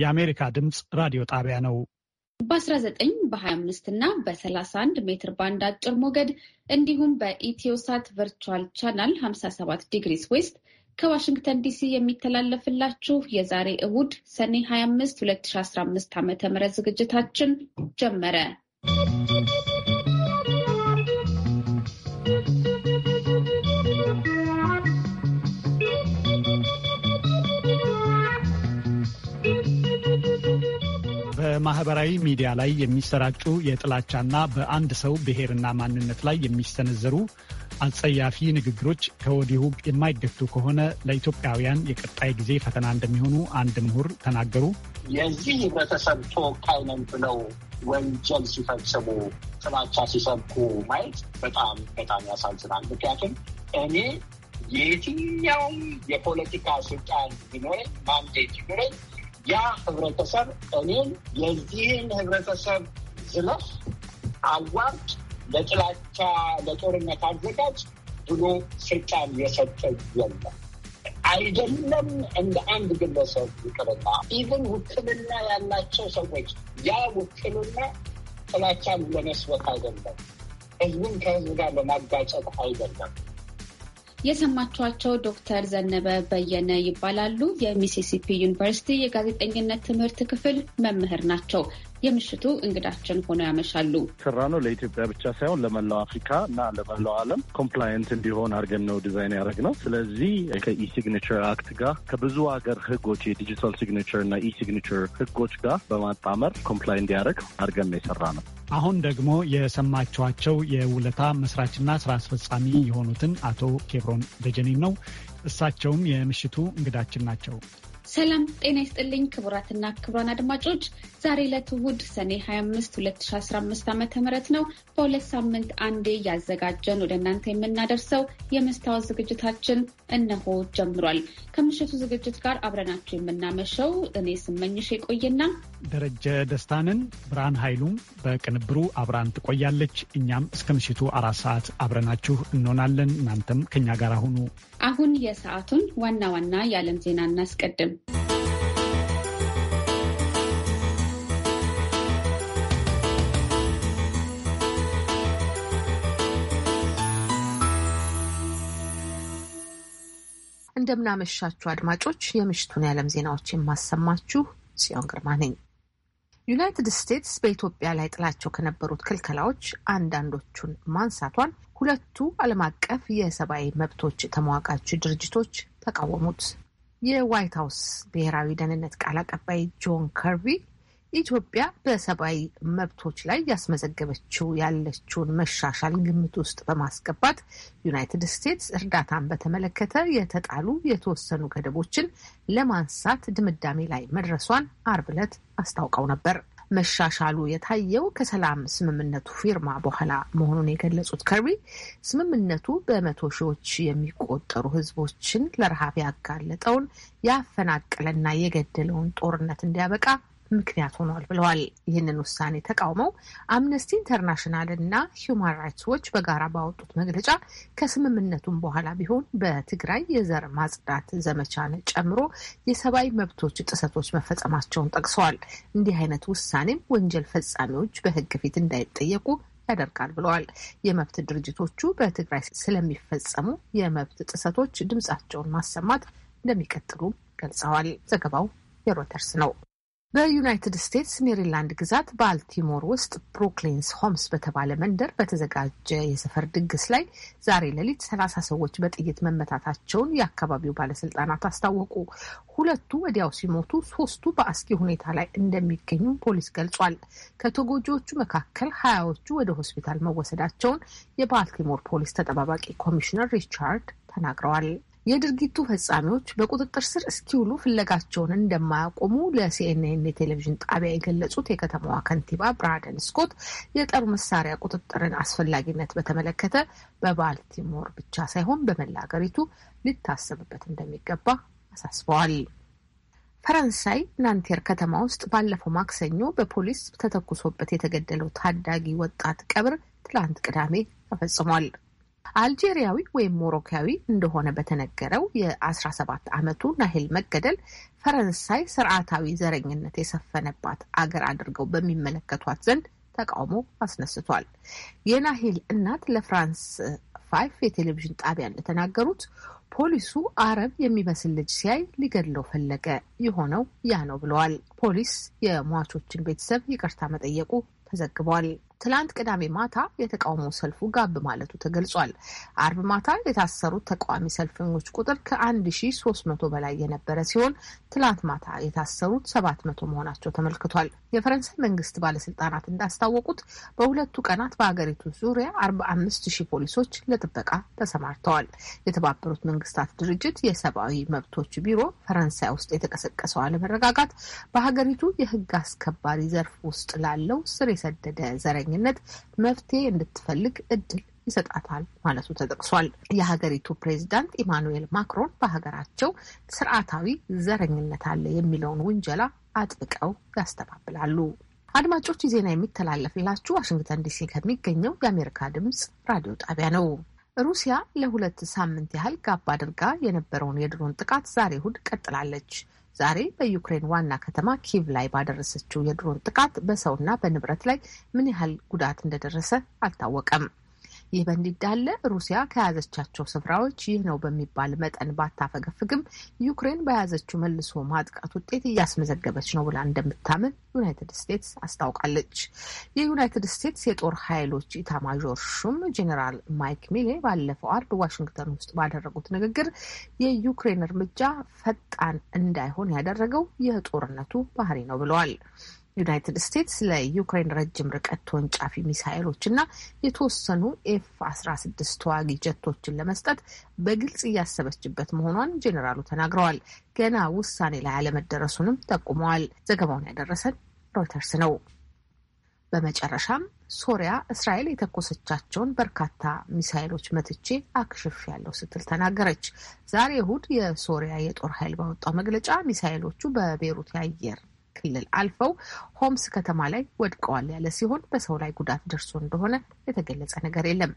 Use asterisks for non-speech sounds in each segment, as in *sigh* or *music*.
የአሜሪካ ድምፅ ራዲዮ ጣቢያ ነው። በ19 በ25 እና በ31 ሜትር ባንድ አጭር ሞገድ እንዲሁም በኢትዮሳት ቨርቹዋል ቻናል 57 ዲግሪስ ዌስት ከዋሽንግተን ዲሲ የሚተላለፍላችሁ የዛሬ እሁድ ሰኔ 25 2015 ዓ ም ዝግጅታችን ጀመረ። በማህበራዊ ሚዲያ ላይ የሚሰራጩ የጥላቻና በአንድ ሰው ብሔርና ማንነት ላይ የሚሰነዘሩ አጸያፊ ንግግሮች ከወዲሁ የማይገቱ ከሆነ ለኢትዮጵያውያን የቀጣይ ጊዜ ፈተና እንደሚሆኑ አንድ ምሁር ተናገሩ። የዚህ ህብረተሰብ ተወካይ ነን ብለው ወንጀል ሲፈጽሙ፣ ጥላቻ ሲሰብኩ ማየት በጣም በጣም ያሳዝናል። ምክንያቱም እኔ የትኛውም የፖለቲካ ስልጣን ቢኖረኝ ማንዴት ቢኖረኝ ያ ህብረተሰብ እኔም የዚህን ህብረተሰብ ዝለፍ፣ አዋርድ፣ ለጥላቻ ለጦርነት አዘጋጅ ብሎ ስልጣን የሰጠ የለም። አይደለም እንደ አንድ ግለሰብ ይቅርና ኢቨን ውክልና ያላቸው ሰዎች ያ ውክልና ጥላቻን ለመስበት አይደለም፣ ህዝቡን ከህዝብ ጋር ለማጋጨት አይደለም የሰማችኋቸው ዶክተር ዘነበ በየነ ይባላሉ። የሚሲሲፒ ዩኒቨርሲቲ የጋዜጠኝነት ትምህርት ክፍል መምህር ናቸው። የምሽቱ እንግዳችን ሆነው ያመሻሉ። ስራ ነው ለኢትዮጵያ ብቻ ሳይሆን ለመላው አፍሪካ እና ለመላው ዓለም ኮምፕላየንት እንዲሆን አድርገን ነው ዲዛይን ያደረግ ነው። ስለዚህ ከኢሲግኔቸር አክት ጋር ከብዙ ሀገር ህጎች የዲጂታል ሲግኔቸር እና ኢሲግኔቸር ህጎች ጋር በማጣመር ኮምፕላይ እንዲያደርግ አድርገን ነው የሰራ ነው። አሁን ደግሞ የሰማችኋቸው የውለታ መስራችና ስራ አስፈጻሚ የሆኑትን አቶ ኬብሮን ደጀኔን ነው። እሳቸውም የምሽቱ እንግዳችን ናቸው። ሰላም ጤና ይስጥልኝ ክቡራትና ክቡራን አድማጮች ዛሬ ለትውድ ሰኔ 25 2015 ዓ ም ነው። በሁለት ሳምንት አንዴ ያዘጋጀን ወደ እናንተ የምናደርሰው የመስታወት ዝግጅታችን እነሆ ጀምሯል። ከምሽቱ ዝግጅት ጋር አብረናችሁ የምናመሸው እኔ ስመኝሽ የቆየና ደረጀ ደስታንን፣ ብርሃን ኃይሉም በቅንብሩ አብራን ትቆያለች። እኛም እስከ ምሽቱ አራት ሰዓት አብረናችሁ እንሆናለን። እናንተም ከኛ ጋር አሁኑ አሁን የሰዓቱን ዋና ዋና የዓለም ዜና እናስቀድም። እንደምናመሻችሁ አድማጮች፣ የምሽቱን የዓለም ዜናዎች የማሰማችሁ ጽዮን ግርማ ነኝ። ዩናይትድ ስቴትስ በኢትዮጵያ ላይ ጥላቸው ከነበሩት ክልከላዎች አንዳንዶቹን ማንሳቷን ሁለቱ ዓለም አቀፍ የሰብአዊ መብቶች ተሟጋች ድርጅቶች ተቃወሙት። የዋይት ሀውስ ብሔራዊ ደህንነት ቃል አቀባይ ጆን ከርቢ ኢትዮጵያ በሰብአዊ መብቶች ላይ ያስመዘገበችው ያለችውን መሻሻል ግምት ውስጥ በማስገባት ዩናይትድ ስቴትስ እርዳታን በተመለከተ የተጣሉ የተወሰኑ ገደቦችን ለማንሳት ድምዳሜ ላይ መድረሷን አርብ ዕለት አስታውቀው ነበር። መሻሻሉ የታየው ከሰላም ስምምነቱ ፊርማ በኋላ መሆኑን የገለጹት ከርቢ ስምምነቱ በመቶ ሺዎች የሚቆጠሩ ሕዝቦችን ለረሃብ ያጋለጠውን ያፈናቀለና የገደለውን ጦርነት እንዲያበቃ ምክንያት ሆኗል ብለዋል። ይህንን ውሳኔ ተቃውመው አምነስቲ ኢንተርናሽናል እና ሂውማን ራይትስ ዎች በጋራ ባወጡት መግለጫ ከስምምነቱም በኋላ ቢሆን በትግራይ የዘር ማጽዳት ዘመቻን ጨምሮ የሰብአዊ መብቶች ጥሰቶች መፈጸማቸውን ጠቅሰዋል። እንዲህ አይነት ውሳኔም ወንጀል ፈጻሚዎች በሕግ ፊት እንዳይጠየቁ ያደርጋል ብለዋል። የመብት ድርጅቶቹ በትግራይ ስለሚፈጸሙ የመብት ጥሰቶች ድምጻቸውን ማሰማት እንደሚቀጥሉ ገልጸዋል። ዘገባው የሮይተርስ ነው። በዩናይትድ ስቴትስ ሜሪላንድ ግዛት ባልቲሞር ውስጥ ብሩክሊንስ ሆምስ በተባለ መንደር በተዘጋጀ የሰፈር ድግስ ላይ ዛሬ ሌሊት ሰላሳ ሰዎች በጥይት መመታታቸውን የአካባቢው ባለስልጣናት አስታወቁ። ሁለቱ ወዲያው ሲሞቱ፣ ሶስቱ በአስጊ ሁኔታ ላይ እንደሚገኙ ፖሊስ ገልጿል። ከተጎጂዎቹ መካከል ሀያዎቹ ወደ ሆስፒታል መወሰዳቸውን የባልቲሞር ፖሊስ ተጠባባቂ ኮሚሽነር ሪቻርድ ተናግረዋል። የድርጊቱ ፈጻሚዎች በቁጥጥር ስር እስኪውሉ ፍለጋቸውን እንደማያቆሙ ለሲኤንኤን የቴሌቪዥን ጣቢያ የገለጹት የከተማዋ ከንቲባ ብራደን ስኮት የጦር መሳሪያ ቁጥጥርን አስፈላጊነት በተመለከተ በባልቲሞር ብቻ ሳይሆን በመላ ሊታሰብበት እንደሚገባ አሳስበዋል። ፈረንሳይ ናንቴር ከተማ ውስጥ ባለፈው ማክሰኞ በፖሊስ ተተኩሶበት የተገደለው ታዳጊ ወጣት ቀብር ትላንት ቅዳሜ ተፈጽሟል። አልጄሪያዊ ወይም ሞሮካዊ እንደሆነ በተነገረው የ17 ዓመቱ ናሂል መገደል ፈረንሳይ ስርዓታዊ ዘረኝነት የሰፈነባት አገር አድርገው በሚመለከቷት ዘንድ ተቃውሞ አስነስቷል። የናሂል እናት ለፍራንስ ፋይፍ የቴሌቪዥን ጣቢያ እንደተናገሩት ፖሊሱ አረብ የሚመስል ልጅ ሲያይ ሊገድለው ፈለገ። የሆነው ያ ነው ብለዋል። ፖሊስ የሟቾችን ቤተሰብ ይቅርታ መጠየቁ ተዘግቧል። ትላንት ቅዳሜ ማታ የተቃውሞ ሰልፉ ጋብ ማለቱ ተገልጿል። አርብ ማታ የታሰሩት ተቃዋሚ ሰልፈኞች ቁጥር ከ1300 በላይ የነበረ ሲሆን ትላንት ማታ የታሰሩት 700 መሆናቸው ተመልክቷል። የፈረንሳይ መንግስት ባለስልጣናት እንዳስታወቁት በሁለቱ ቀናት በሀገሪቱ ዙሪያ 45 ሺህ ፖሊሶች ለጥበቃ ተሰማርተዋል። የተባበሩት መንግስታት ድርጅት የሰብአዊ መብቶች ቢሮ ፈረንሳይ ውስጥ የተቀሰቀሰው አለመረጋጋት በሀገሪቱ የህግ አስከባሪ ዘርፍ ውስጥ ላለው ስር የሰደደ ዘረ አማካኝነት መፍትሄ እንድትፈልግ እድል ይሰጣታል ማለቱ ተጠቅሷል። የሀገሪቱ ፕሬዚዳንት ኢማኑኤል ማክሮን በሀገራቸው ስርዓታዊ ዘረኝነት አለ የሚለውን ውንጀላ አጥብቀው ያስተባብላሉ። አድማጮች፣ ዜና የሚተላለፍላችሁ ዋሽንግተን ዲሲ ከሚገኘው የአሜሪካ ድምጽ ራዲዮ ጣቢያ ነው። ሩሲያ ለሁለት ሳምንት ያህል ጋብ አድርጋ የነበረውን የድሮን ጥቃት ዛሬ እሁድ ቀጥላለች። ዛሬ በዩክሬን ዋና ከተማ ኪቭ ላይ ባደረሰችው የድሮን ጥቃት በሰውና በንብረት ላይ ምን ያህል ጉዳት እንደደረሰ አልታወቀም። ይህ በእንዲህ እንዳለ ሩሲያ ከያዘቻቸው ስፍራዎች ይህ ነው በሚባል መጠን ባታፈገፍግም ዩክሬን በያዘችው መልሶ ማጥቃት ውጤት እያስመዘገበች ነው ብላ እንደምታምን ዩናይትድ ስቴትስ አስታውቃለች። የዩናይትድ ስቴትስ የጦር ኃይሎች ኢታማዦር ሹም ጄኔራል ማይክ ሚሌ ባለፈው አርብ ዋሽንግተን ውስጥ ባደረጉት ንግግር የዩክሬን እርምጃ ፈጣን እንዳይሆን ያደረገው የጦርነቱ ባህሪ ነው ብለዋል። ዩናይትድ ስቴትስ ለዩክሬን ረጅም ርቀት ተወንጫፊ ሚሳይሎች እና የተወሰኑ ኤፍ አስራ ስድስት ተዋጊ ጀቶችን ለመስጠት በግልጽ እያሰበችበት መሆኗን ጄኔራሉ ተናግረዋል። ገና ውሳኔ ላይ አለመደረሱንም ጠቁመዋል። ዘገባውን ያደረሰን ሮይተርስ ነው። በመጨረሻም ሶሪያ እስራኤል የተኮሰቻቸውን በርካታ ሚሳይሎች መትቼ አክሽፍ ያለው ስትል ተናገረች። ዛሬ እሁድ የሶሪያ የጦር ኃይል ባወጣው መግለጫ ሚሳይሎቹ በቤሩት የአየር ክልል አልፈው ሆምስ ከተማ ላይ ወድቀዋል ያለ ሲሆን በሰው ላይ ጉዳት ደርሶ እንደሆነ የተገለጸ ነገር የለም።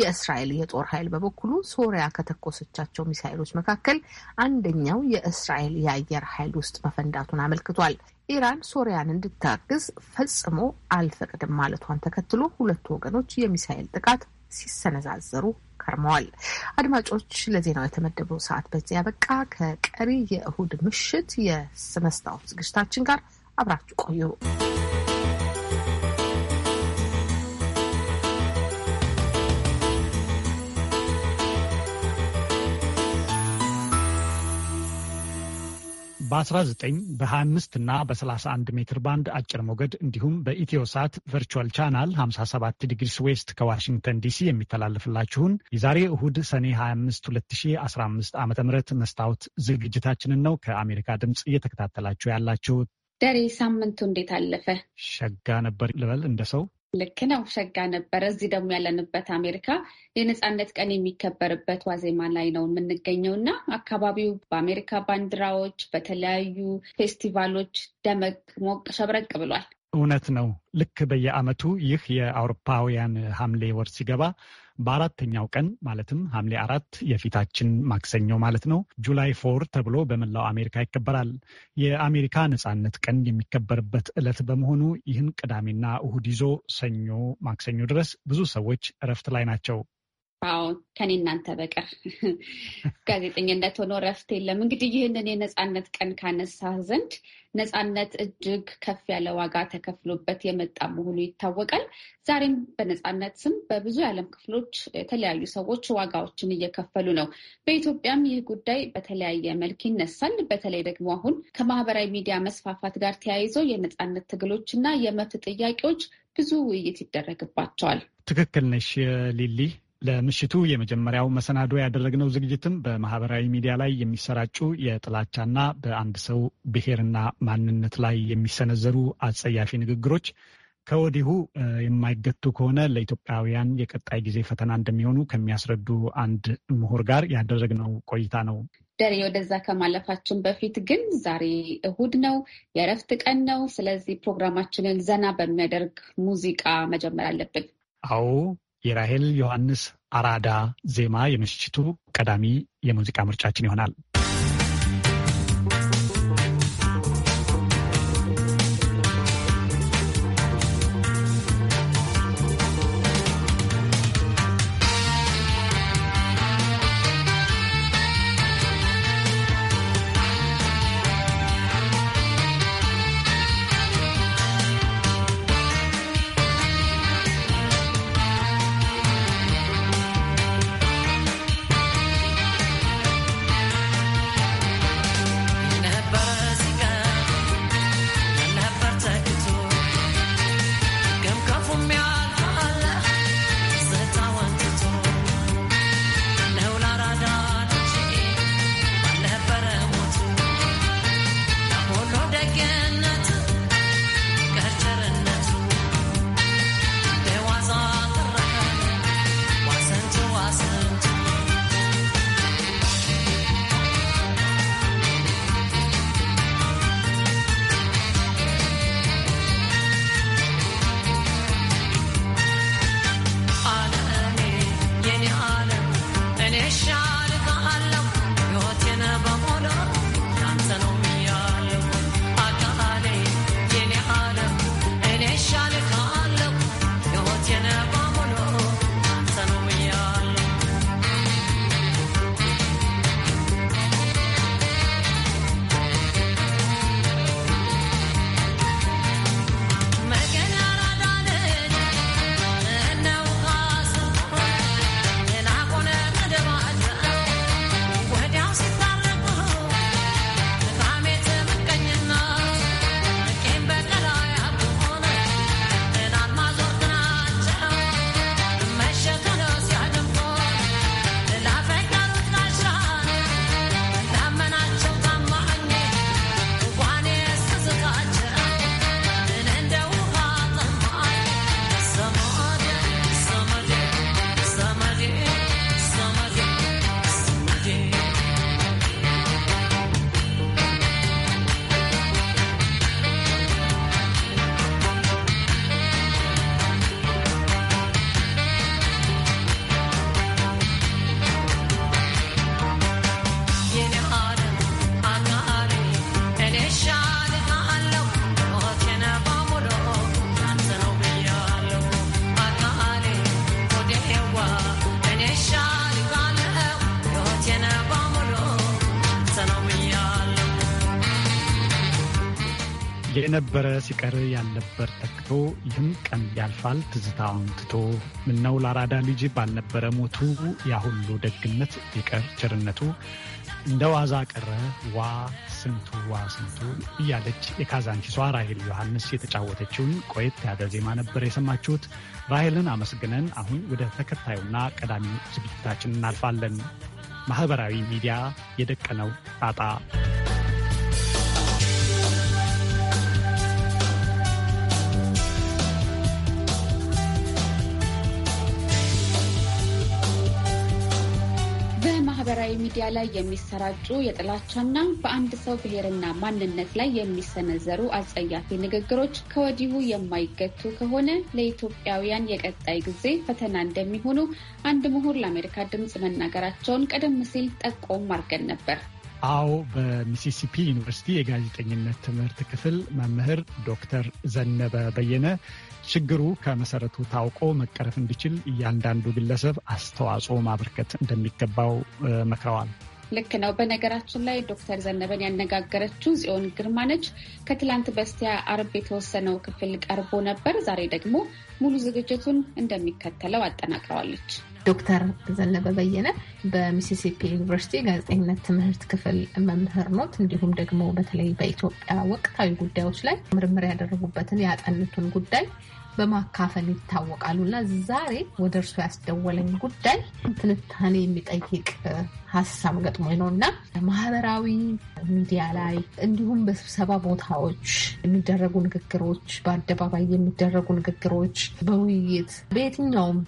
የእስራኤል የጦር ኃይል በበኩሉ ሶሪያ ከተኮሰቻቸው ሚሳይሎች መካከል አንደኛው የእስራኤል የአየር ኃይል ውስጥ መፈንዳቱን አመልክቷል። ኢራን ሶሪያን እንድታግዝ ፈጽሞ አልፈቅድም ማለቷን ተከትሎ ሁለቱ ወገኖች የሚሳይል ጥቃት ሲሰነዛዘሩ ከርመዋል። አድማጮች፣ ለዜናው የተመደበው ሰዓት በዚህ ያበቃ። ከቀሪ የእሁድ ምሽት የስመስታው ዝግጅታችን ጋር አብራችሁ ቆዩ። በ19 በ25 እና በ31 ሜትር ባንድ አጭር ሞገድ እንዲሁም በኢትዮ ሳት ቨርቹዋል ቻናል 57 ዲግሪስ ዌስት ከዋሽንግተን ዲሲ የሚተላለፍላችሁን የዛሬ እሁድ ሰኔ 25 2015 ዓ ም መስታወት ዝግጅታችንን ነው ከአሜሪካ ድምፅ እየተከታተላችሁ ያላችሁት። ደሬ ሳምንቱ እንዴት አለፈ? ሸጋ ነበር ልበል እንደ ሰው ልክ ነው ሸጋ ነበረ። እዚህ ደግሞ ያለንበት አሜሪካ የነፃነት ቀን የሚከበርበት ዋዜማ ላይ ነው የምንገኘው እና አካባቢው በአሜሪካ ባንዲራዎች፣ በተለያዩ ፌስቲቫሎች ደመቅ ሞቅ ሸብረቅ ብሏል። እውነት ነው። ልክ በየዓመቱ ይህ የአውሮፓውያን ሐምሌ ወር ሲገባ በአራተኛው ቀን ማለትም ሐምሌ አራት የፊታችን ማክሰኞ ማለት ነው ጁላይ ፎር ተብሎ በመላው አሜሪካ ይከበራል። የአሜሪካ ነጻነት ቀን የሚከበርበት ዕለት በመሆኑ ይህን ቅዳሜና እሁድ ይዞ ሰኞ ማክሰኞ ድረስ ብዙ ሰዎች እረፍት ላይ ናቸው። አዎ ከኔ እናንተ በቀር *laughs* ጋዜጠኝነት ሆኖ ረፍት የለም። እንግዲህ ይህንን የነፃነት ቀን ካነሳ ዘንድ ነፃነት እጅግ ከፍ ያለ ዋጋ ተከፍሎበት የመጣ መሆኑ ይታወቃል። ዛሬም በነፃነት ስም በብዙ የዓለም ክፍሎች የተለያዩ ሰዎች ዋጋዎችን እየከፈሉ ነው። በኢትዮጵያም ይህ ጉዳይ በተለያየ መልክ ይነሳል። በተለይ ደግሞ አሁን ከማህበራዊ ሚዲያ መስፋፋት ጋር ተያይዞ የነፃነት ትግሎች እና የመብት ጥያቄዎች ብዙ ውይይት ይደረግባቸዋል። ትክክል ነሽ ሊሊ። ለምሽቱ የመጀመሪያው መሰናዶ ያደረግነው ዝግጅትም በማህበራዊ ሚዲያ ላይ የሚሰራጩ የጥላቻና በአንድ ሰው ብሔርና ማንነት ላይ የሚሰነዘሩ አጸያፊ ንግግሮች ከወዲሁ የማይገቱ ከሆነ ለኢትዮጵያውያን የቀጣይ ጊዜ ፈተና እንደሚሆኑ ከሚያስረዱ አንድ ምሁር ጋር ያደረግነው ቆይታ ነው። ደሬ ወደዛ ከማለፋችን በፊት ግን ዛሬ እሁድ ነው፣ የእረፍት ቀን ነው። ስለዚህ ፕሮግራማችንን ዘና በሚያደርግ ሙዚቃ መጀመር አለብን። አዎ የራሄል ዮሐንስ አራዳ ዜማ የምሽቱ ቀዳሚ የሙዚቃ ምርጫችን ይሆናል። የነበረ ሲቀር ያልነበር ተክቶ ይህም ቀን ያልፋል ትዝታውን ትቶ ምነው ላራዳ ልጅ ባልነበረ ሞቱ ያሁሉ ደግነት ቢቀር ቸርነቱ እንደ ዋዛ ቀረ ዋ ስንቱ ዋ ስንቱ እያለች የካዛንቺሷ ራሄል ዮሐንስ የተጫወተችውን ቆየት ያለ ዜማ ነበር የሰማችሁት። ራሄልን አመስግነን አሁን ወደ ተከታዩና ቀዳሚ ዝግጅታችን እናልፋለን። ማህበራዊ ሚዲያ የደቀነው ጣጣ ሚዲያ ላይ የሚሰራጩ የጥላቻና በአንድ ሰው ብሔርና ማንነት ላይ የሚሰነዘሩ አጸያፊ ንግግሮች ከወዲሁ የማይገቱ ከሆነ ለኢትዮጵያውያን የቀጣይ ጊዜ ፈተና እንደሚሆኑ አንድ ምሁር ለአሜሪካ ድምፅ መናገራቸውን ቀደም ሲል ጠቆም አድርገን ነበር። አዎ፣ በሚሲሲፒ ዩኒቨርሲቲ የጋዜጠኝነት ትምህርት ክፍል መምህር ዶክተር ዘነበ በየነ ችግሩ ከመሰረቱ ታውቆ መቀረፍ እንዲችል እያንዳንዱ ግለሰብ አስተዋጽኦ ማበርከት እንደሚገባው መክረዋል። ልክ ነው። በነገራችን ላይ ዶክተር ዘነበን ያነጋገረችው ጽዮን ግርማ ነች። ከትላንት በስቲያ አርብ የተወሰነው ክፍል ቀርቦ ነበር። ዛሬ ደግሞ ሙሉ ዝግጅቱን እንደሚከተለው አጠናቅረዋለች። ዶክተር ዘነበ በየነ በሚሲሲፒ ዩኒቨርሲቲ ጋዜጠኝነት ትምህርት ክፍል መምህር ኖት። እንዲሁም ደግሞ በተለይ በኢትዮጵያ ወቅታዊ ጉዳዮች ላይ ምርምር ያደረጉበትን ያጠኑትን ጉዳይ በማካፈል ይታወቃሉ እና ዛሬ ወደ እርሱ ያስደወለኝ ጉዳይ ትንታኔ የሚጠይቅ ሀሳብ ገጥሞ ነው እና ማህበራዊ ሚዲያ ላይ እንዲሁም በስብሰባ ቦታዎች የሚደረጉ ንግግሮች፣ በአደባባይ የሚደረጉ ንግግሮች፣ በውይይት በየትኛውም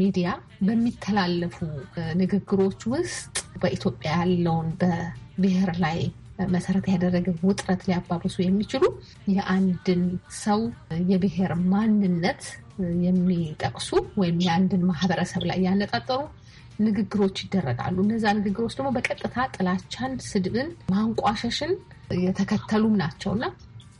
ሚዲያ በሚተላለፉ ንግግሮች ውስጥ በኢትዮጵያ ያለውን በብሔር ላይ መሰረት ያደረገ ውጥረት ሊያባብሱ የሚችሉ የአንድን ሰው የብሔር ማንነት የሚጠቅሱ ወይም የአንድን ማህበረሰብ ላይ ያነጣጠሩ ንግግሮች ይደረጋሉ። እነዛ ንግግሮች ደግሞ በቀጥታ ጥላቻን፣ ስድብን፣ ማንቋሸሽን የተከተሉም ናቸውና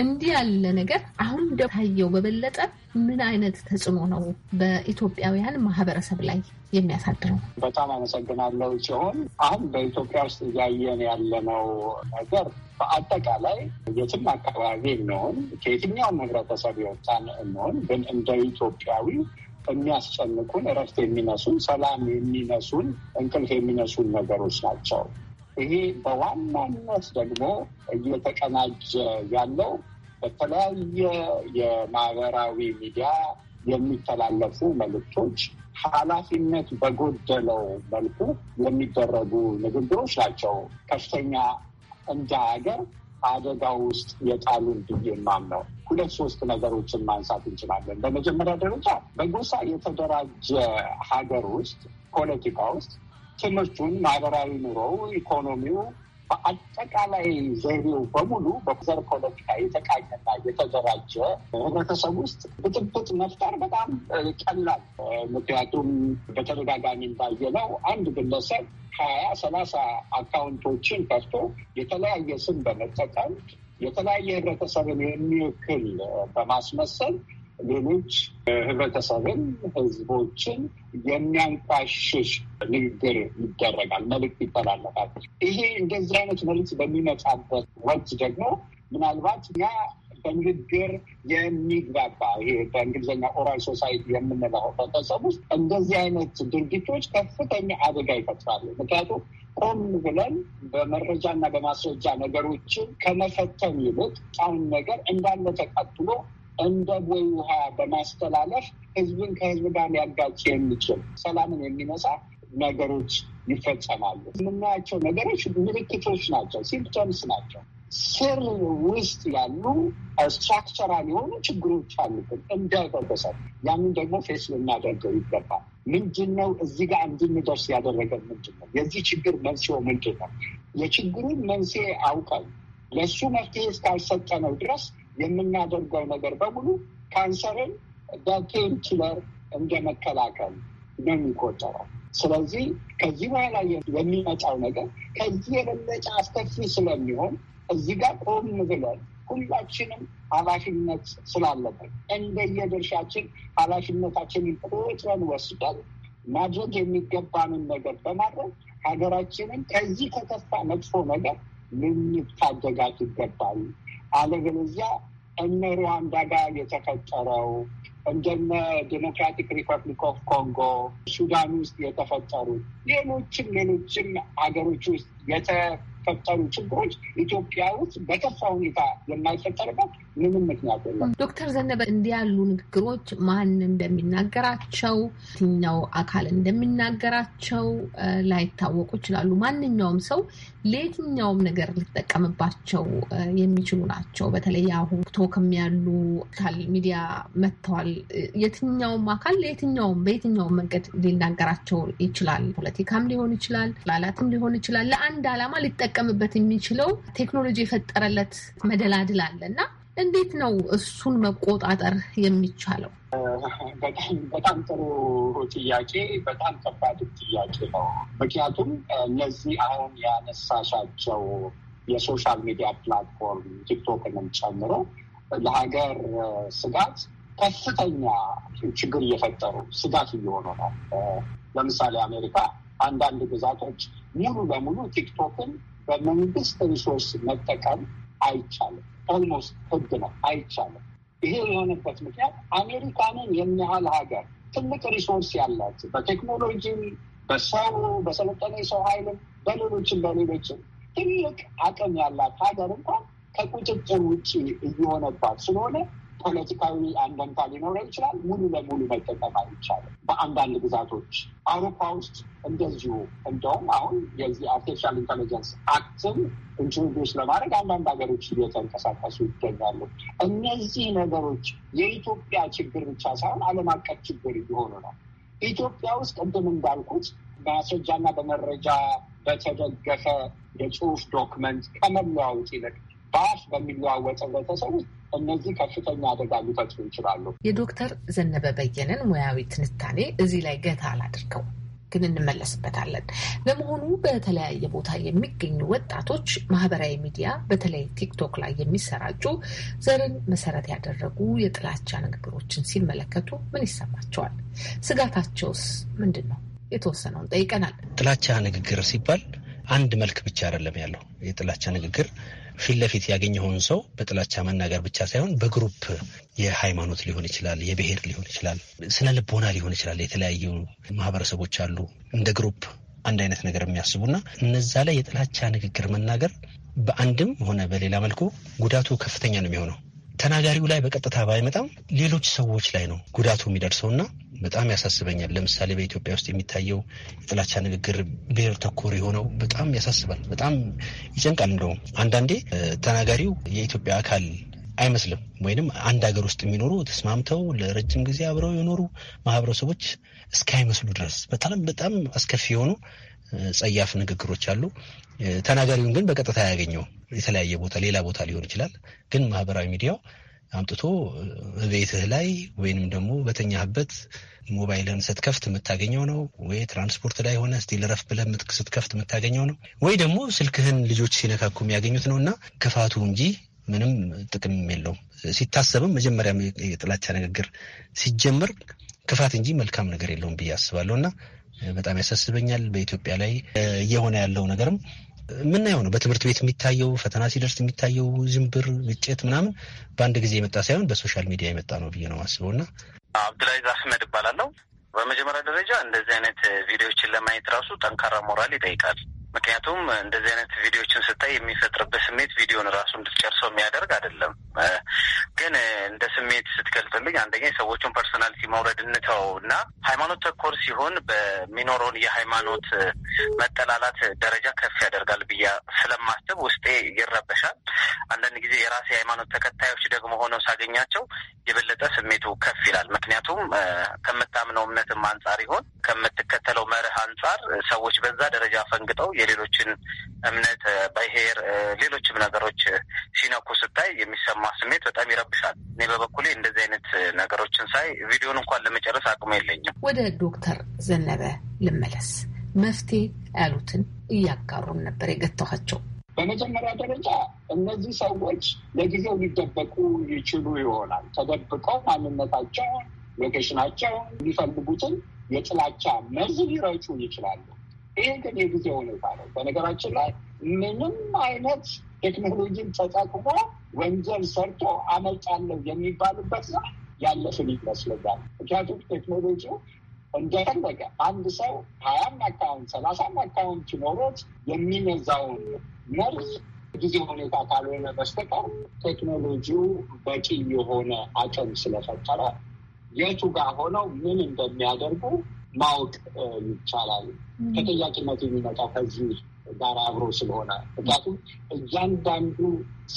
እንዲህ ያለ ነገር አሁን እንደታየው በበለጠ ምን አይነት ተጽዕኖ ነው በኢትዮጵያውያን ማህበረሰብ ላይ የሚያሳድረው? በጣም አመሰግናለሁ። ሲሆን አሁን በኢትዮጵያ ውስጥ እያየን ያለነው ነገር በአጠቃላይ የትም አካባቢ እንሆን ከየትኛውም ህብረተሰብ የወጣን እንሆን ግን እንደ ኢትዮጵያዊ የሚያስጨንቁን እረፍት የሚነሱን ሰላም የሚነሱን እንቅልፍ የሚነሱን ነገሮች ናቸው። ይሄ በዋናነት ደግሞ እየተቀናጀ ያለው በተለያየ የማህበራዊ ሚዲያ የሚተላለፉ መልእክቶች ኃላፊነት በጎደለው መልኩ የሚደረጉ ንግግሮች ናቸው ከፍተኛ እንደ ሀገር አደጋ ውስጥ የጣሉን ብዬ የማምነው ሁለት ሶስት ነገሮችን ማንሳት እንችላለን። በመጀመሪያ ደረጃ በጎሳ የተደራጀ ሀገር ውስጥ ፖለቲካ ውስጥ ትምህርቱን፣ ማህበራዊ ኑሮው፣ ኢኮኖሚው በአጠቃላይ ዘይቤው በሙሉ በዘር ፖለቲካ የተቃኘና የተደራጀ ህብረተሰብ ውስጥ ብጥብጥ መፍጠር በጣም ቀላል። ምክንያቱም በተደጋጋሚ እንዳየነው አንድ ግለሰብ ከሀያ ሰላሳ አካውንቶችን ከፍቶ የተለያየ ስም በመጠቀም የተለያየ ህብረተሰብን የሚወክል በማስመሰል ሌሎች ህብረተሰብን፣ ህዝቦችን የሚያንቋሽሽ ንግግር ይደረጋል፣ መልዕክት ይተላለፋል። ይሄ እንደዚህ አይነት መልዕክት በሚመጣበት ወቅት ደግሞ ምናልባት ያ በንግግር የሚግባባ ይሄ በእንግሊዝኛ ኦራል ሶሳይቲ የምንለው ህብረተሰብ ውስጥ እንደዚህ አይነት ድርጊቶች ከፍተኛ አደጋ ይፈጥራሉ። ምክንያቱም ቆም ብለን በመረጃና በማስረጃ ነገሮችን ከመፈተን ይልቅ አሁን ነገር እንዳለ ተቀጥሎ እንደ ቦይ ውሃ በማስተላለፍ ህዝብን ከህዝብ ጋር ሊያጋጭ የሚችል ሰላምን የሚነሳ ነገሮች ይፈጸማሉ። የምናያቸው ነገሮች ምልክቶች ናቸው፣ ሲምፕቶምስ ናቸው። ስር ውስጥ ያሉ ስትራክቸራል የሆኑ ችግሮች አሉብን እንዳይበበሰብ ያንን ደግሞ ፌስ ልናደርገው ይገባል። ምንድን ነው እዚህ ጋር እንድንደርስ ያደረገ ምንድን ነው? የዚህ ችግር መንስኤው ምንድን ነው? የችግሩን መንስኤ አውቀን ለእሱ መፍትሄ እስካልሰጠነው ድረስ የምናደርገው ነገር በሙሉ ካንሰርን በፔን ኪለር እንደመከላከል ነው የሚቆጠረው። ስለዚህ ከዚህ በኋላ የሚመጣው ነገር ከዚህ የበለጠ አስከፊ ስለሚሆን እዚህ ጋር ቆም ብለን ሁላችንም ኃላፊነት ስላለብን እንደየድርሻችን ኃላፊነታችንን ቆጥረን ወስደን ማድረግ የሚገባንን ነገር በማድረግ ሀገራችንን ከዚህ ከከፋ መጥፎ ነገር ልንታደጋት ይገባል። አለበለዚያ እነ ሩዋንዳ ጋር የተፈጠረው እንደነ ዴሞክራቲክ ሪፐብሊክ ኦፍ ኮንጎ፣ ሱዳን ውስጥ የተፈጠሩ ሌሎችም ሌሎችም ሀገሮች ውስጥ የተፈጠሩ ችግሮች ኢትዮጵያ ውስጥ በከፋ ሁኔታ የማይፈጠርበት ምንም ምክንያት የለም። ዶክተር ዘነበ እንዲህ ያሉ ንግግሮች ማን እንደሚናገራቸው የትኛው አካል እንደሚናገራቸው ላይታወቁ ይችላሉ። ማንኛውም ሰው ለየትኛውም ነገር ሊጠቀምባቸው የሚችሉ ናቸው። በተለይ አሁን ቶክም ያሉ ሶሻል ሚዲያ መጥተዋል። የትኛውም አካል ለየትኛውም በየትኛውም መንገድ ሊናገራቸው ይችላል። ፖለቲካም ሊሆን ይችላል፣ ላላትም ሊሆን ይችላል። ለአንድ ዓላማ ሊጠቀምበት የሚችለው ቴክኖሎጂ የፈጠረለት መደላድል አለ እና እንዴት ነው እሱን መቆጣጠር የሚቻለው? በጣም ጥሩ ጥያቄ፣ በጣም ከባድ ጥያቄ ነው። ምክንያቱም እነዚህ አሁን ያነሳሻቸው የሶሻል ሚዲያ ፕላትፎርም ቲክቶክንም ጨምሮ ለሀገር ስጋት ከፍተኛ ችግር እየፈጠሩ ስጋት እየሆኑ ነው። ለምሳሌ አሜሪካ አንዳንድ ግዛቶች ሙሉ ለሙሉ ቲክቶክን በመንግስት ሪሶርስ መጠቀም አይቻልም። ኦልሞስት ህግ ነው፣ አይቻልም። ይሄ የሆነበት ምክንያት አሜሪካንን የሚያህል ሀገር ትልቅ ሪሶርስ ያላት በቴክኖሎጂ በሰው በሰለጠነ የሰው ኃይልም፣ በሌሎችም በሌሎችም ትልቅ አቅም ያላት ሀገር እንኳን ከቁጥጥር ውጭ እየሆነባት ስለሆነ ፖለቲካዊ አንደንታ ሊኖረው ይችላል። ሙሉ ለሙሉ መጠቀም አይቻልም። በአንዳንድ ግዛቶች አውሮፓ ውስጥ እንደዚሁ እንደውም አሁን የዚህ አርቲፊሻል ኢንቴሊጀንስ አክትም ኢንትሮዲስ ለማድረግ አንዳንድ ሀገሮች እየተንቀሳቀሱ ይገኛሉ። እነዚህ ነገሮች የኢትዮጵያ ችግር ብቻ ሳይሆን ዓለም አቀፍ ችግር እየሆኑ ነው። ኢትዮጵያ ውስጥ ቅድም እንዳልኩት በማስረጃና በመረጃ በተደገፈ የጽሁፍ ዶክመንት ከመለዋወጥ ይልቅ በአፍ በሚለዋወጥ ህብረተሰብ ውስጥ እነዚህ ከፍተኛ አደጋ ሊፈጥሩ ይችላሉ። የዶክተር ዘነበ በየነን ሙያዊ ትንታኔ እዚህ ላይ ገታ አላድርገው ግን እንመለስበታለን። ለመሆኑ በተለያየ ቦታ የሚገኙ ወጣቶች ማህበራዊ ሚዲያ በተለይ ቲክቶክ ላይ የሚሰራጩ ዘርን መሰረት ያደረጉ የጥላቻ ንግግሮችን ሲመለከቱ ምን ይሰማቸዋል? ስጋታቸውስ ምንድን ነው? የተወሰነውን ጠይቀናል። ጥላቻ ንግግር ሲባል አንድ መልክ ብቻ አይደለም ያለው የጥላቻ ንግግር ፊት ለፊት ያገኘውን ሰው በጥላቻ መናገር ብቻ ሳይሆን በግሩፕ የሃይማኖት ሊሆን ይችላል፣ የብሔር ሊሆን ይችላል፣ ስነ ልቦና ሊሆን ይችላል። የተለያዩ ማህበረሰቦች አሉ እንደ ግሩፕ አንድ አይነት ነገር የሚያስቡና እነዛ ላይ የጥላቻ ንግግር መናገር በአንድም ሆነ በሌላ መልኩ ጉዳቱ ከፍተኛ ነው የሚሆነው። ተናጋሪው ላይ በቀጥታ ባይመጣም ሌሎች ሰዎች ላይ ነው ጉዳቱ የሚደርሰው እና በጣም ያሳስበኛል። ለምሳሌ በኢትዮጵያ ውስጥ የሚታየው የጥላቻ ንግግር ብሔር ተኮር የሆነው በጣም ያሳስባል፣ በጣም ይጨንቃል። እንደውም አንዳንዴ ተናጋሪው የኢትዮጵያ አካል አይመስልም ወይንም አንድ ሀገር ውስጥ የሚኖሩ ተስማምተው ለረጅም ጊዜ አብረው የኖሩ ማህበረሰቦች እስካይመስሉ ድረስ በጣም በጣም አስከፊ የሆኑ ጸያፍ ንግግሮች አሉ። ተናጋሪውን ግን በቀጥታ አያገኘው። የተለያየ ቦታ ሌላ ቦታ ሊሆን ይችላል። ግን ማህበራዊ ሚዲያው አምጥቶ ቤትህ ላይ ወይንም ደግሞ በተኛህበት ሞባይልን ስትከፍት የምታገኘው ነው ወይ ትራንስፖርት ላይ ሆነ ስቲል ረፍ ብለህ ስትከፍት የምታገኘው ነው ወይ ደግሞ ስልክህን ልጆች ሲነካኩ የሚያገኙት ነው እና ክፋቱ እንጂ ምንም ጥቅም የለውም። ሲታሰብም መጀመሪያ የጥላቻ ንግግር ሲጀምር ክፋት እንጂ መልካም ነገር የለውም ብዬ አስባለሁ እና በጣም ያሳስበኛል። በኢትዮጵያ ላይ እየሆነ ያለው ነገርም የምናየው ነው። በትምህርት ቤት የሚታየው ፈተና ሲደርስ የሚታየው ዝንብር፣ ግጭት ምናምን በአንድ ጊዜ የመጣ ሳይሆን በሶሻል ሚዲያ የመጣ ነው ብዬ ነው ማስበው እና አብዱላዚዝ አህመድ እባላለሁ። በመጀመሪያ ደረጃ እንደዚህ አይነት ቪዲዮዎችን ለማየት ራሱ ጠንካራ ሞራል ይጠይቃል። ምክንያቱም እንደዚህ አይነት ቪዲዮዎችን ስታይ የሚፈጥርበት ስሜት ቪዲዮን ራሱ እንድትጨርሰው የሚያደርግ አይደለም። ግን እንደ ስሜት ስትገልጽልኝ አንደኛ የሰዎቹን ፐርሶናሊቲ መውረድ እንተው እና ሃይማኖት ተኮር ሲሆን በሚኖረውን የሃይማኖት መጠላላት ደረጃ ከፍ ያደርጋል ብዬ ስለማስብ ውስጤ ይረበሻል። አንዳንድ ጊዜ የራሴ ሃይማኖት ተከታዮች ደግሞ ሆነው ሳገኛቸው የበለጠ ስሜቱ ከፍ ይላል። ምክንያቱም ከምታምነው እምነትም አንጻር ይሆን ከምትከተለው መርህ አንጻር ሰዎች በዛ ደረጃ ፈንግጠው የሌሎችን እምነት፣ ብሔር፣ ሌሎችም ነገሮች ሲነኩ ስታይ የሚሰማ ስሜት በጣም ይረብሻል። እኔ በበኩሌ እንደዚህ አይነት ነገሮችን ሳይ ቪዲዮን እንኳን ለመጨረስ አቅሙ የለኝም። ወደ ዶክተር ዘነበ ልመለስ። መፍትሄ ያሉትን እያጋሩን ነበር የገታኋቸው። በመጀመሪያ ደረጃ እነዚህ ሰዎች ለጊዜው ሊደበቁ ይችሉ ይሆናል። ተደብቀው ማንነታቸውን፣ ሎኬሽናቸውን የሚፈልጉትን የጥላቻ መርዝ ሊረጩ ይችላሉ። ይህ ግን የጊዜ ሁኔታ ነው። በነገራችን ላይ ምንም አይነት ቴክኖሎጂን ተጠቅሞ ወንጀል ሰርቶ አመልጣለሁ የሚባልበት ነው ያለፍን ይመስለኛል። ምክንያቱም ቴክኖሎጂ እንደፈለገ አንድ ሰው ሀያም አካውንት ሰላሳም አካውንት ኖሮት የሚነዛውን መርዝ ጊዜ ሁኔታ ካልሆነ በስተቀር ቴክኖሎጂው በቂ የሆነ አቅም ስለፈጠረ የቱ ጋር ሆነው ምን እንደሚያደርጉ ማወቅ ይቻላል። ተጠያቂነት የሚመጣው ከዚህ ጋር አብሮ ስለሆነ ምክንያቱም እያንዳንዱ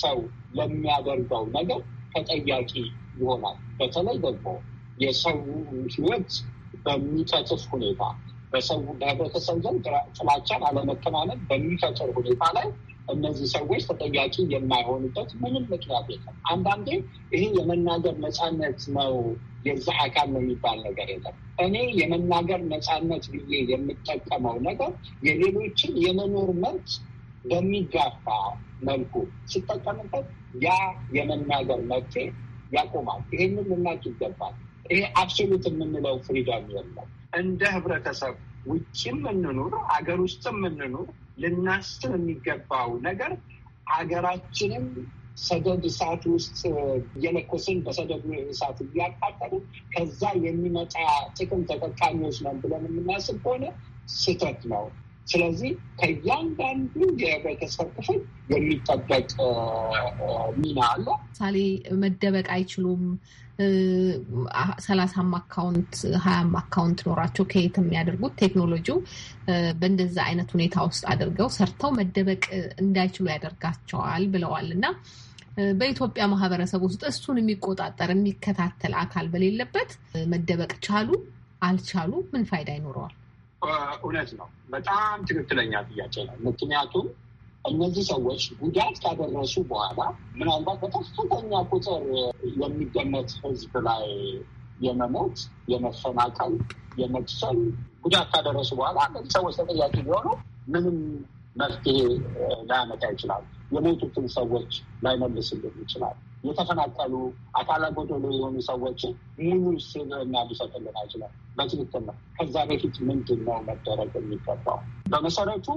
ሰው ለሚያደርገው ነገር ተጠያቂ ይሆናል። በተለይ ደግሞ የሰው ሕይወት በሚቀጥፍ ሁኔታ በሰው በህብረተሰብ ዘንድ ጥላቻን፣ አለመተማመን በሚፈጥር ሁኔታ ላይ እነዚህ ሰዎች ተጠያቂ የማይሆኑበት ምንም ምክንያት የለም። አንዳንዴ ይህ የመናገር ነፃነት ነው የዛ አካል ነው የሚባል ነገር የለም። እኔ የመናገር ነፃነት ብዬ የምጠቀመው ነገር የሌሎችን የመኖር መብት በሚጋፋ መልኩ ስጠቀምበት ያ የመናገር መብቴ ያቆማል። ይህንን ልናቅ ይገባል። ይሄ አብሶሉት የምንለው ፍሪደም የለም። እንደ ህብረተሰብ ውጭም የምንኑር አገር ውስጥም የምንኑር ልናስብ የሚገባው ነገር ሀገራችንም ሰደድ እሳት ውስጥ እየለኮስን በሰደድ እሳት እያቃጠሉ ከዛ የሚመጣ ጥቅም ተጠቃሚዎች ነን ብለን የምናስብ ከሆነ ስህተት ነው። ስለዚህ ከእያንዳንዱ የህብረተሰብ ክፍል የሚጠበቅ ሚና አለ። ምሳሌ መደበቅ አይችሉም። ሰላሳም አካውንት ሀያም አካውንት ኖራቸው ከየት የሚያደርጉት ቴክኖሎጂው በእንደዛ አይነት ሁኔታ ውስጥ አድርገው ሰርተው መደበቅ እንዳይችሉ ያደርጋቸዋል ብለዋል እና በኢትዮጵያ ማህበረሰብ ውስጥ እሱን የሚቆጣጠር የሚከታተል አካል በሌለበት መደበቅ ቻሉ አልቻሉ ምን ፋይዳ ይኖረዋል? እውነት ነው። በጣም ትክክለኛ ጥያቄ ነው። ምክንያቱም እነዚህ ሰዎች ጉዳት ካደረሱ በኋላ ምናልባት በከፍተኛ ቁጥር የሚገመት ህዝብ ላይ የመሞት፣ የመፈናቀል፣ የመክሰል ጉዳት ካደረሱ በኋላ እነዚህ ሰዎች ተጠያቂ ቢሆኑ ምንም መፍትሄ ላያመጣ ይችላል። የሞቱትን ሰዎች ላይመልስልን ይችላል። የተፈናቀሉ አካለ ጎደሎ የሆኑ ሰዎች ሙሉ ስብዕና ሊሰጥልን አይችላል። በትክክል ነው። ከዛ በፊት ምንድን ነው መደረግ የሚገባው? በመሰረቱ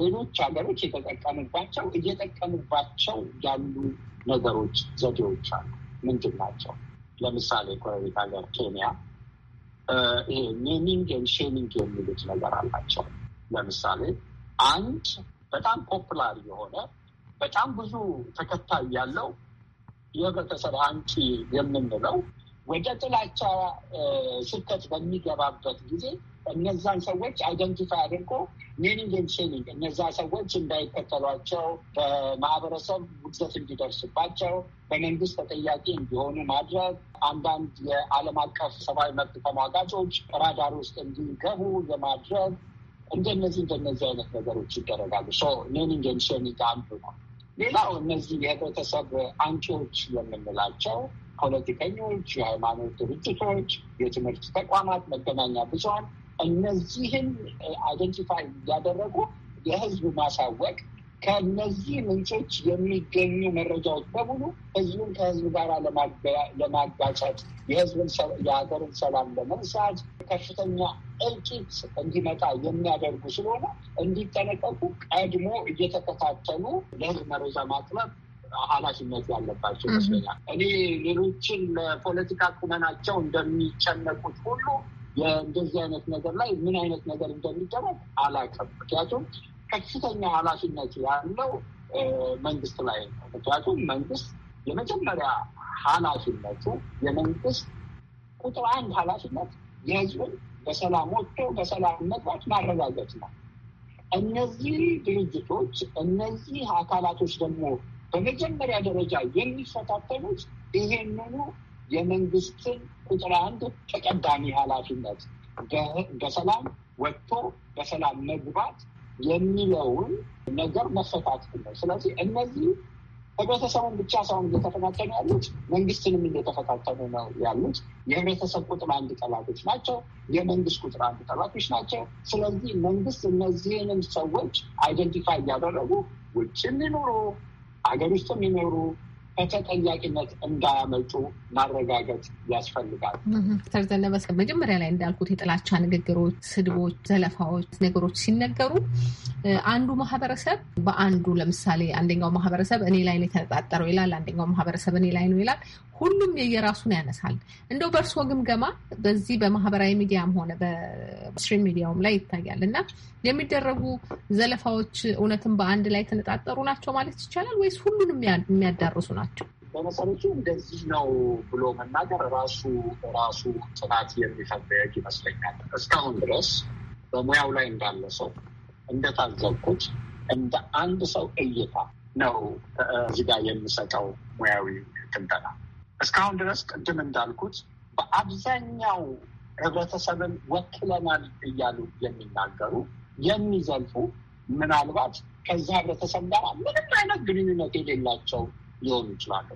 ሌሎች ሀገሮች የተጠቀሙባቸው እየጠቀሙባቸው ያሉ ነገሮች፣ ዘዴዎች አሉ። ምንድን ናቸው? ለምሳሌ ጎረቤት ሀገር ኬንያ ኔሚንግ ኤንድ ሼሚንግ የሚሉት ነገር አላቸው። ለምሳሌ አንድ በጣም ፖፑላር የሆነ በጣም ብዙ ተከታይ ያለው የህብረተሰብ አንቺ የምንለው ወደ ጥላቻ ስልከት በሚገባበት ጊዜ እነዛን ሰዎች አይደንቲፋይ አድርጎ ሚኒንግ ኤንድ ሼሚንግ እነዛ ሰዎች እንዳይከተሏቸው፣ በማህበረሰብ ውድቀት እንዲደርስባቸው፣ በመንግስት ተጠያቂ እንዲሆኑ ማድረግ አንዳንድ የዓለም አቀፍ ሰብአዊ መብት ተሟጋቾች ራዳር ውስጥ እንዲገቡ የማድረግ እንደነዚህ እንደነዚህ አይነት ነገሮች ይደረጋሉ። እኔን እንደሚሸሚት አንዱ ነው። ሌላው እነዚህ የህብረተሰብ አንቺዎች የምንላቸው ፖለቲከኞች፣ የሃይማኖት ድርጅቶች፣ የትምህርት ተቋማት፣ መገናኛ ብዙኃን እነዚህን አይደንቲፋይ እያደረጉ የህዝብ ማሳወቅ ከነዚህ ምንጮች የሚገኙ መረጃዎች በሙሉ ህዝቡን ከህዝብ ጋር ለማጋጨት የህዝብን የሀገርን ሰላም ለመንሳት ከፍተኛ እልቂት እንዲመጣ የሚያደርጉ ስለሆነ እንዲጠነቀቁ ቀድሞ እየተከታተሉ ለህዝብ መረጃ ማቅረብ ኃላፊነት ያለባቸው ይመስለኛል። እኔ ሌሎችን ለፖለቲካ ቁመናቸው እንደሚጨነቁት ሁሉ የእንደዚህ አይነት ነገር ላይ ምን አይነት ነገር እንደሚደረግ አላውቅም። ምክንያቱም ከፍተኛ ኃላፊነት ያለው መንግስት ላይ ነው። ምክንያቱም መንግስት የመጀመሪያ ኃላፊነቱ የመንግስት ቁጥር አንድ ኃላፊነት የህዝብን በሰላም ወጥቶ በሰላም መግባት ማረጋገጥ ነው። እነዚህ ድርጅቶች እነዚህ አካላቶች ደግሞ በመጀመሪያ ደረጃ የሚፈታተኑት ይሄንኑ የመንግስትን ቁጥር አንድ ተቀዳሚ ኃላፊነት በሰላም ወጥቶ በሰላም መግባት የሚለውን ነገር መፈታት ነው። ስለዚህ እነዚህ ህብረተሰቡን ብቻ ሳይሆን እየተፈታተኑ ያሉት መንግስትንም እየተፈታተኑ ነው ያሉት። የህብረተሰብ ቁጥር አንድ ጠላቶች ናቸው፣ የመንግስት ቁጥር አንድ ጠላቶች ናቸው። ስለዚህ መንግስት እነዚህንም ሰዎች አይደንቲፋይ እያደረጉ ውጭ የሚኖሩ ሀገር ውስጥ የሚኖሩ ከተጠያቂነት እንዳያመጡ ማረጋገጥ ያስፈልጋል። ተርዘነበስ መጀመሪያ ላይ እንዳልኩት የጥላቻ ንግግሮች፣ ስድቦች፣ ዘለፋዎች ነገሮች ሲነገሩ አንዱ ማህበረሰብ በአንዱ ለምሳሌ አንደኛው ማህበረሰብ እኔ ላይ ነው የተነጣጠረው ይላል፣ አንደኛው ማህበረሰብ እኔ ላይ ነው ይላል። ሁሉም የየራሱን ያነሳል። እንደው በእርስዎ ግምገማ በዚህ በማህበራዊ ሚዲያም ሆነ በስትሪም ሚዲያውም ላይ ይታያል እና የሚደረጉ ዘለፋዎች እውነትም በአንድ ላይ የተነጣጠሩ ናቸው ማለት ይቻላል ወይስ ሁሉንም የሚያዳርሱ ናቸው? በመሰረቱ እንደዚህ ነው ብሎ መናገር ራሱ ራሱ ጥናት የሚፈልግ ይመስለኛል። እስካሁን ድረስ በሙያው ላይ እንዳለ ሰው እንደታዘብኩት እንደ አንድ ሰው እይታ ነው እዚህ ጋር የምሰጠው ሙያዊ ትንተና። እስካሁን ድረስ ቅድም እንዳልኩት በአብዛኛው ህብረተሰብን ወክለናል እያሉ የሚናገሩ የሚዘልፉ ምናልባት ከዛ ህብረተሰብ ጋር ምንም አይነት ግንኙነት የሌላቸው ሊሆኑ ይችላሉ።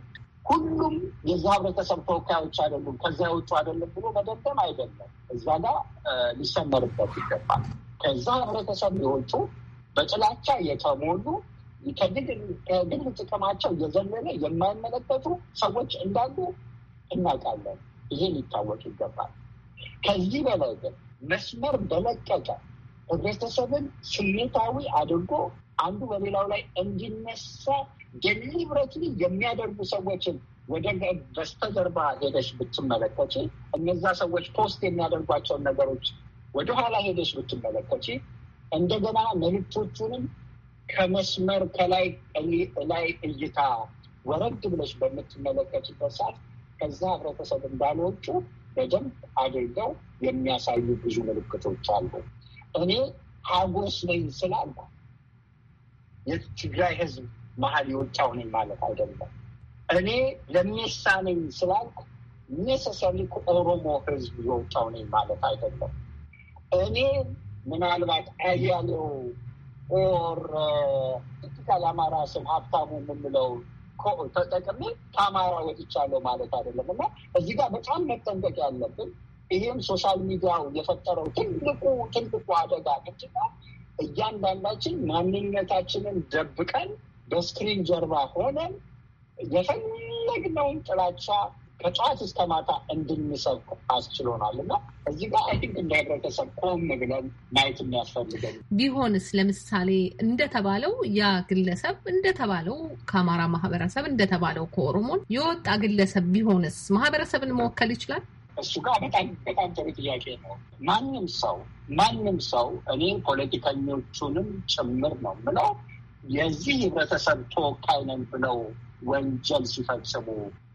ሁሉም የዛ ህብረተሰብ ተወካዮች አይደሉም፣ ከዚያ የወጡ አይደለም ብሎ መደምደም አይደለም። እዛ ጋር ሊሰመርበት ይገባል። ከዛ ህብረተሰብ የወጡ በጥላቻ የተሞሉ ከግል ጥቅማቸው እየዘለለ የማይመለከቱ ሰዎች እንዳሉ እናውቃለን። ይሄ ሊታወቅ ይገባል። ከዚህ በላይ ግን መስመር በለቀቀ ህብረተሰብን ስሜታዊ አድርጎ አንዱ በሌላው ላይ እንዲነሳ ደሊብረትሊ የሚያደርጉ ሰዎችን ወደ በስተጀርባ ሄደሽ ብትመለከች፣ እነዛ ሰዎች ፖስት የሚያደርጓቸውን ነገሮች ወደኋላ ሄደሽ ብትመለከች፣ እንደገና መልክቶቹንም ከመስመር ከላይ ላይ እይታ ወረድ ብለሽ በምትመለከችበት ሰዓት ከዛ ህብረተሰብ እንዳልወጡ በደንብ አድርገው የሚያሳዩ ብዙ ምልክቶች አሉ። እኔ ሀጎስ ነኝ ስላልኩ የትግራይ ህዝብ መሀል የወጣሁ ነኝ ማለት አይደለም። እኔ ለሚሳነኝ ስላልኩ ኔሰሰሪ ከኦሮሞ ህዝብ የወጣሁ ነኝ ማለት አይደለም። እኔ ምናልባት አያሌው ኦር ፖለቲካል አማራ ስም ሀብታሙ የምንለው ተጠቅሜ ከአማራ ወጥቻለሁ ማለት አይደለም እና እዚህ ጋር በጣም መጠንቀቅ ያለብን ይህም ሶሻል ሚዲያው የፈጠረው ትልቁ ትልቁ አደጋ ምንድነው? እያንዳንዳችን ማንነታችንን ደብቀን በስክሪን ጀርባ ሆነን የፈለግነውን ጥላቻ ከጠዋት እስከ ማታ እንድንሰብክ አስችሎናል እና እዚህ ጋር አይ ቲንክ እንደ ህብረተሰብ ቆም ብለን ማየት የሚያስፈልገን ቢሆንስ ለምሳሌ እንደተባለው ያ ግለሰብ እንደተባለው ከአማራ ማህበረሰብ እንደተባለው ከኦሮሞን የወጣ ግለሰብ ቢሆንስ ማህበረሰብን መወከል ይችላል? እሱ ጋር በጣም በጣም ጥሩ ጥያቄ ነው። ማንም ሰው ማንም ሰው እኔ ፖለቲከኞቹንም ጭምር ነው ምለው የዚህ ህብረተሰብ ተወካይ ነን ብለው ወንጀል ሲፈጽሙ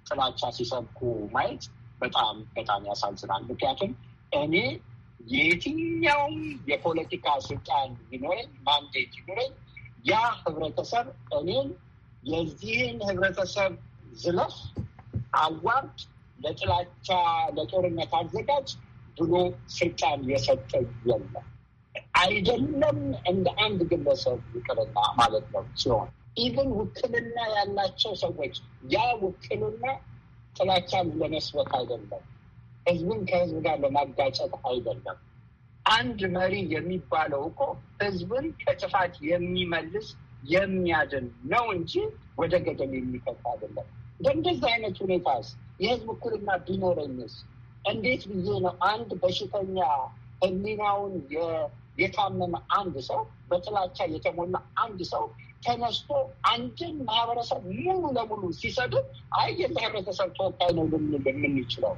ጥላቻ ሲሰብኩ ማየት በጣም በጣም ያሳዝናል። ምክንያቱም እኔ የትኛውም የፖለቲካ ስልጣን ይኖረኝ ማንዴት ይኖረኝ ያ ህብረተሰብ እኔን የዚህን ህብረተሰብ ዝለፍ፣ አዋርድ፣ ለጥላቻ ለጦርነት አዘጋጅ ብሎ ስልጣን የሰጠ የለም። አይደለም እንደ አንድ ግለሰብ ይቅርና ማለት ነው ሲሆን ኢቨን ውክልና ያላቸው ሰዎች ያ ውክልና ጥላቻን ለመስበክ አይደለም፣ ህዝብን ከህዝብ ጋር ለማጋጨት አይደለም። አንድ መሪ የሚባለው እኮ ህዝብን ከጥፋት የሚመልስ የሚያድን ነው እንጂ ወደ ገደል የሚከት አይደለም። በእንደዚህ አይነት ሁኔታ የህዝብ እኩልና ቢኖረኝስ እንዴት ብዬ ነው አንድ በሽተኛ ህሊናውን የታመመ አንድ ሰው በጥላቻ የተሞላ አንድ ሰው ተነስቶ አንድን ማህበረሰብ ሙሉ ለሙሉ ሲሰዱ አይ የማህበረሰብ ተወካይ ነው የምንችለው?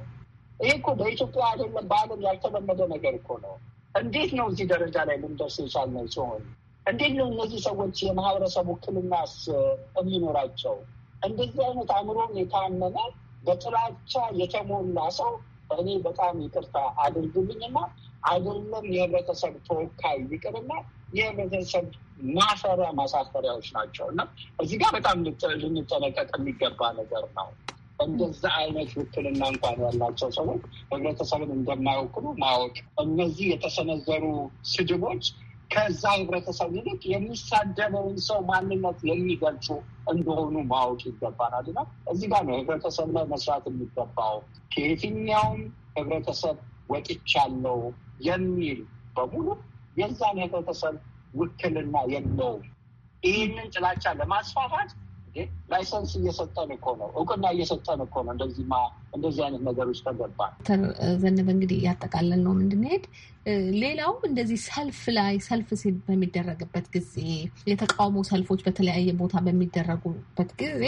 ይህ እኮ በኢትዮጵያ አይደለም በዓለም ያልተለመደ ነገር እኮ ነው። እንዴት ነው እዚህ ደረጃ ላይ ልንደርስ የቻልነው ሲሆን እንዴት ነው እነዚህ ሰዎች የማህበረሰቡ ውክልናስ የሚኖራቸው? እንደዚህ አይነት አእምሮን የታመመ በጥላቻ የተሞላ ሰው እኔ በጣም ይቅርታ አድርጉልኝና አይደለም የህብረተሰብ ተወካይ ይቅርና የህብረተሰብ ማፈሪያ ማሳፈሪያዎች ናቸው እና እዚህ ጋር በጣም ልንጠነቀቅ የሚገባ ነገር ነው። እንደዛ አይነት ውክልና እንኳን ያላቸው ሰዎች ህብረተሰብን እንደማይወክሉ ማወቅ እነዚህ የተሰነዘሩ ስድቦች ከዛ ህብረተሰብ ይልቅ የሚሳደበውን ሰው ማንነት የሚገልጹ እንደሆኑ ማወቅ ይገባናል እና እዚህ ጋር ነው ህብረተሰብ ላይ መስራት የሚገባው። ከየትኛውም ህብረተሰብ ወጥቻለሁ የሚል በሙሉ የዛን ህብረተሰብ ውክልና የለውም። ይህንን ጥላቻ ለማስፋፋት ላይሰንስ እየሰጠን እኮ ነው፣ እውቅና እየሰጠን እኮ ነው። ማ እንደዚህ አይነት ነገሮች ተገባ። ዘነበ እንግዲህ እያጠቃለል ነው እንድንሄድ ሌላው እንደዚህ ሰልፍ ላይ ሰልፍ በሚደረግበት ጊዜ የተቃውሞ ሰልፎች በተለያየ ቦታ በሚደረጉበት ጊዜ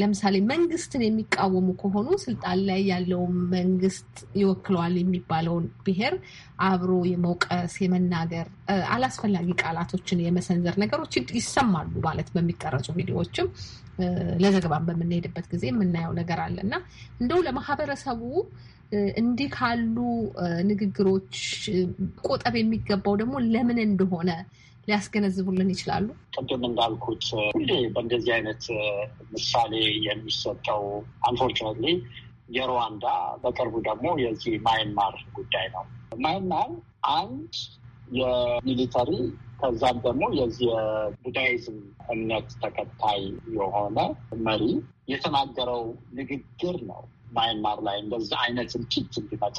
ለምሳሌ መንግስትን የሚቃወሙ ከሆኑ ስልጣን ላይ ያለውን መንግስት ይወክለዋል የሚባለውን ብሔር አብሮ የመውቀስ የመናገር አላስፈላጊ ቃላቶችን የመሰንዘር ነገሮች ይሰማሉ ማለት በሚቀረጹ ቪዲዮዎችም ለዘገባን በምንሄድበት ጊዜ የምናየው ነገር አለ እና እንደው ለማህበረሰቡ እንዲህ ካሉ ንግግሮች ቆጠብ የሚገባው ደግሞ ለምን እንደሆነ ሊያስገነዝቡልን ይችላሉ? ቅድም እንዳልኩት ሁሌ በእንደዚህ አይነት ምሳሌ የሚሰጠው አንፎርቹኔትሊ የሩዋንዳ በቅርቡ ደግሞ የዚህ ማይንማር ጉዳይ ነው። ማይንማር አንድ የሚሊተሪ ከዛም ደግሞ የዚህ የቡዳይዝም እምነት ተከታይ የሆነ መሪ የተናገረው ንግግር ነው ማይንማር ላይ እንደዛ አይነት እልቂት እንዲመጣ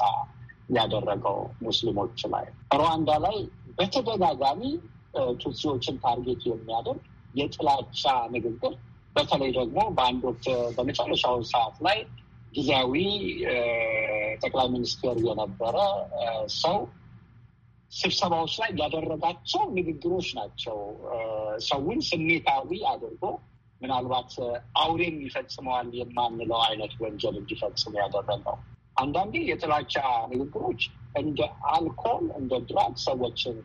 ያደረገው ሙስሊሞች ላይ። ሩዋንዳ ላይ በተደጋጋሚ ቱሲዎችን ታርጌት የሚያደርግ የጥላቻ ንግግር በተለይ ደግሞ በአንድ ወቅት በመጨረሻው ሰዓት ላይ ጊዜያዊ ጠቅላይ ሚኒስትር የነበረ ሰው ስብሰባዎች ላይ ያደረጋቸው ንግግሮች ናቸው ሰውን ስሜታዊ አድርጎ ምናልባት አውሬም ይፈጽመዋል የማንለው አይነት ወንጀል እንዲፈጽሙ ያደረገው። አንዳንዴ የጥላቻ ንግግሮች እንደ አልኮል፣ እንደ ድራግ ሰዎችን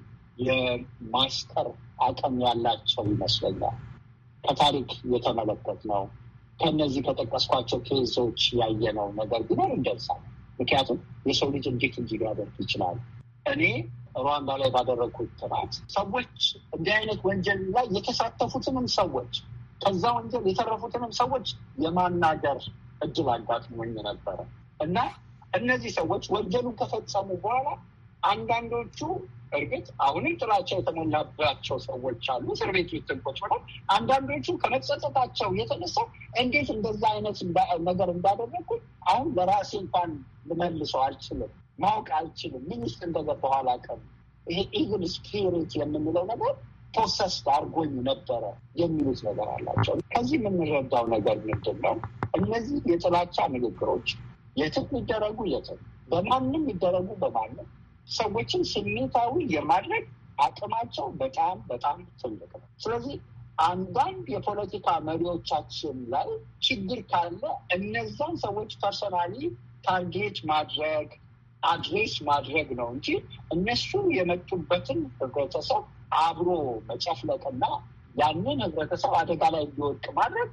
የማስተር አቅም ያላቸው ይመስለኛል። ከታሪክ የተመለከት ነው። ከእነዚህ ከጠቀስኳቸው ኬዞች ነው። ነገር ቢኖር እንደርሳል። ምክንያቱም የሰው ልጅ እንዴት ሊያደርግ ይችላል። እኔ ሩዋንዳ ላይ ባደረግኩት ጥናት ሰዎች እንዲህ አይነት ወንጀል ላይ የተሳተፉትንም ሰዎች ከዛ ወንጀል የተረፉትንም ሰዎች የማናገር እድል አጋጥሞኝ ነበረ እና እነዚህ ሰዎች ወንጀሉን ከፈጸሙ በኋላ አንዳንዶቹ በእርግጥ አሁንም ጥላቻ የተሞላባቸው ሰዎች አሉ። እስር ቤት ውስጥ ቁጭ ብለው አንዳንዶቹ ከመጸጸታቸው የተነሳ እንዴት እንደዛ አይነት ነገር እንዳደረግኩ አሁን ለራሴ እንኳን ልመልሰው አልችልም፣ ማወቅ አልችልም። ምን ውስጥ እንደገባሁ አላውቅም። ይሄ ኢቭል ስፒሪት የምንለው ነገር ፕሮሰስ አድርጎኝ ነበረ የሚሉት ነገር አላቸው። ከዚህ የምንረዳው ነገር ምንድን ነው? እነዚህ የጥላቻ ንግግሮች የትም ይደረጉ የትም፣ በማንም ይደረጉ በማንም ሰዎችን ስሜታዊ የማድረግ አቅማቸው በጣም በጣም ትልቅ ነው። ስለዚህ አንዳንድ የፖለቲካ መሪዎቻችን ላይ ችግር ካለ እነዛን ሰዎች ፐርሰናሊ ታርጌት ማድረግ አድሬስ ማድረግ ነው እንጂ እነሱ የመጡበትን ህብረተሰብ አብሮ መጨፍለቅና ያንን ህብረተሰብ አደጋ ላይ እንዲወድቅ ማድረግ